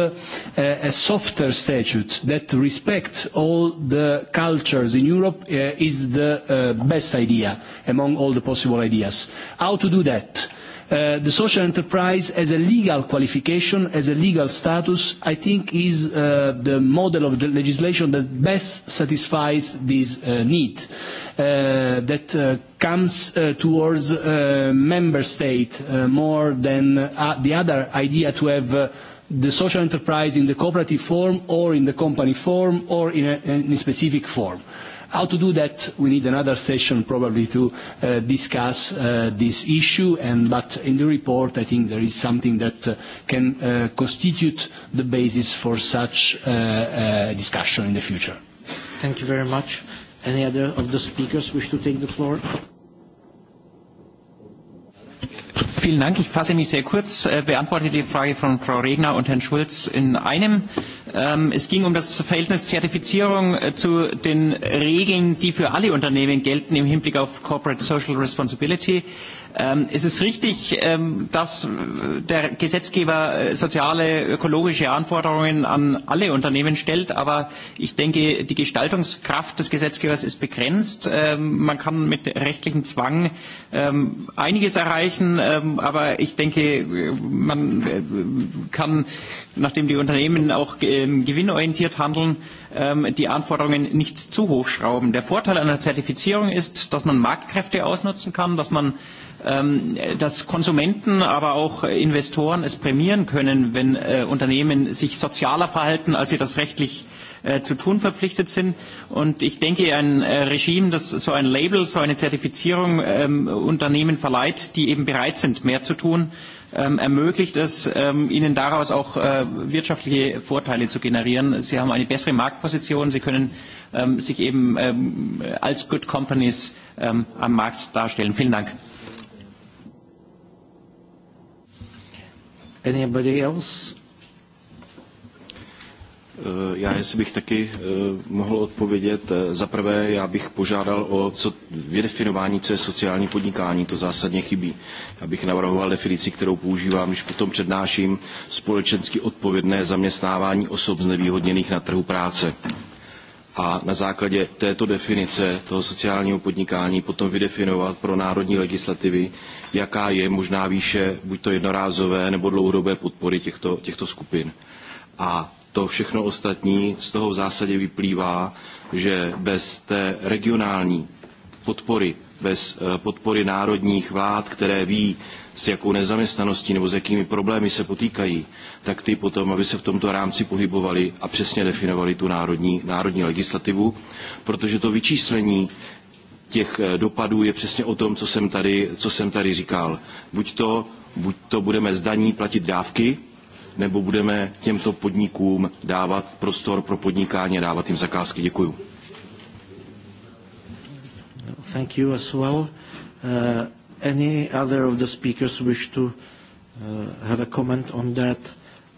a softer statute that respects all the cultures in Europe is the best idea among all the possible ideas. How to do that? Uh, the social enterprise as a legal qualification, as a legal status, I think is uh, the model of the legislation that best satisfies this uh, need, that comes towards member state more than the other idea to have the social enterprise in the cooperative form or in the company form or in in a specific form. How to do that, we need another session probably to uh, discuss uh, this issue, and, but in the report I think there is something that uh, can uh, constitute the basis for such uh, uh, discussion in the future. Thank you very much. Any other of the speakers wish to take the floor? Vielen Dank. Ich fasse mich sehr kurz, äh, beantworte die Frage von Frau Regner und Herrn Schulz in einem. Ähm, es ging um das Verhältnis Zertifizierung äh, zu den Regeln, die für alle Unternehmen gelten im Hinblick auf Corporate Social Responsibility. Ähm, es ist richtig, ähm, dass äh, der Gesetzgeber soziale, ökologische Anforderungen an alle Unternehmen stellt, aber ich denke, die Gestaltungskraft des Gesetzgebers ist begrenzt. Man kann mit rechtlichem Zwang einiges erreichen Ähm, aber ich denke, äh, man äh, kann, nachdem die Unternehmen auch ähm, gewinnorientiert handeln, ähm, die Anforderungen nicht zu hoch schrauben. Der Vorteil einer Zertifizierung ist, dass man Marktkräfte ausnutzen kann, dass man Ähm, dass Konsumenten, aber auch Investoren es prämieren können, wenn äh, Unternehmen sich sozialer verhalten, als sie das rechtlich äh, zu tun verpflichtet sind. Und ich denke, ein äh, Regime, das so ein Label, so eine Zertifizierung ähm, Unternehmen verleiht, die eben bereit sind, mehr zu tun, ähm, ermöglicht es, ihnen daraus auch wirtschaftliche Vorteile zu generieren. Sie haben eine bessere Marktposition, sie können sich eben als Good Companies am Markt darstellen. Vielen Dank. Anybody else? Eh, já jestli bych taky eh, mohl odpovědět. Eh, za prvé, já bych požádal o co, vydefinování, co je sociální podnikání, to zásadně chybí. Já bych navrhoval definici, kterou používám, když potom přednáším společensky odpovědné zaměstnávání osob znevýhodněných na trhu práce a na základě této definice toho sociálního podnikání potom vydefinovat pro národní legislativy, jaká je možná výše buď to jednorázové nebo dlouhodobé podpory těchto, těchto skupin. A to všechno ostatní z toho v zásadě vyplývá, že bez té regionální podpory, bez eh, podpory národních vlád, které ví, s jakou nezaměstnaností nebo s jakými problémy se potýkají, tak ty potom, aby se v tomto rámci pohybovali a přesně definovali tu národní, národní legislativu, protože to vyčíslení těch eh, dopadů je přesně o tom, co jsem tady, co jsem tady říkal. Buď to, buď to budeme zdaní platit dávky, nebo budeme těmto podnikům dávat prostor pro podnikání a dávat jim zakázky. Děkuju. Thank you as well. Uh, Any other of the speakers wish to uh, have a comment on that?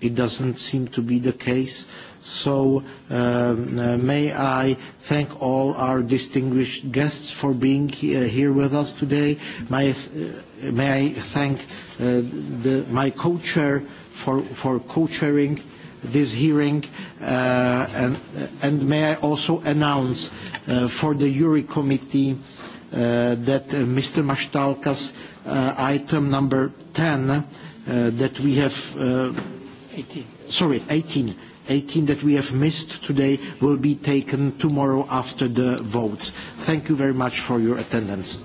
It doesn't seem to be the case. So um, uh, may I thank all our distinguished guests for being uh, here with us today. May I, uh, may I thank uh, the, my co-chair for, for co-chairing this hearing uh, and, and may I also announce uh, for the Jury Committee Uh, that Mr. Mashtalka's uh, item number 10 uh, that we have 18. Sorry, 18. 18 that we have missed today will be taken tomorrow after the votes. Thank you very much for your attendance.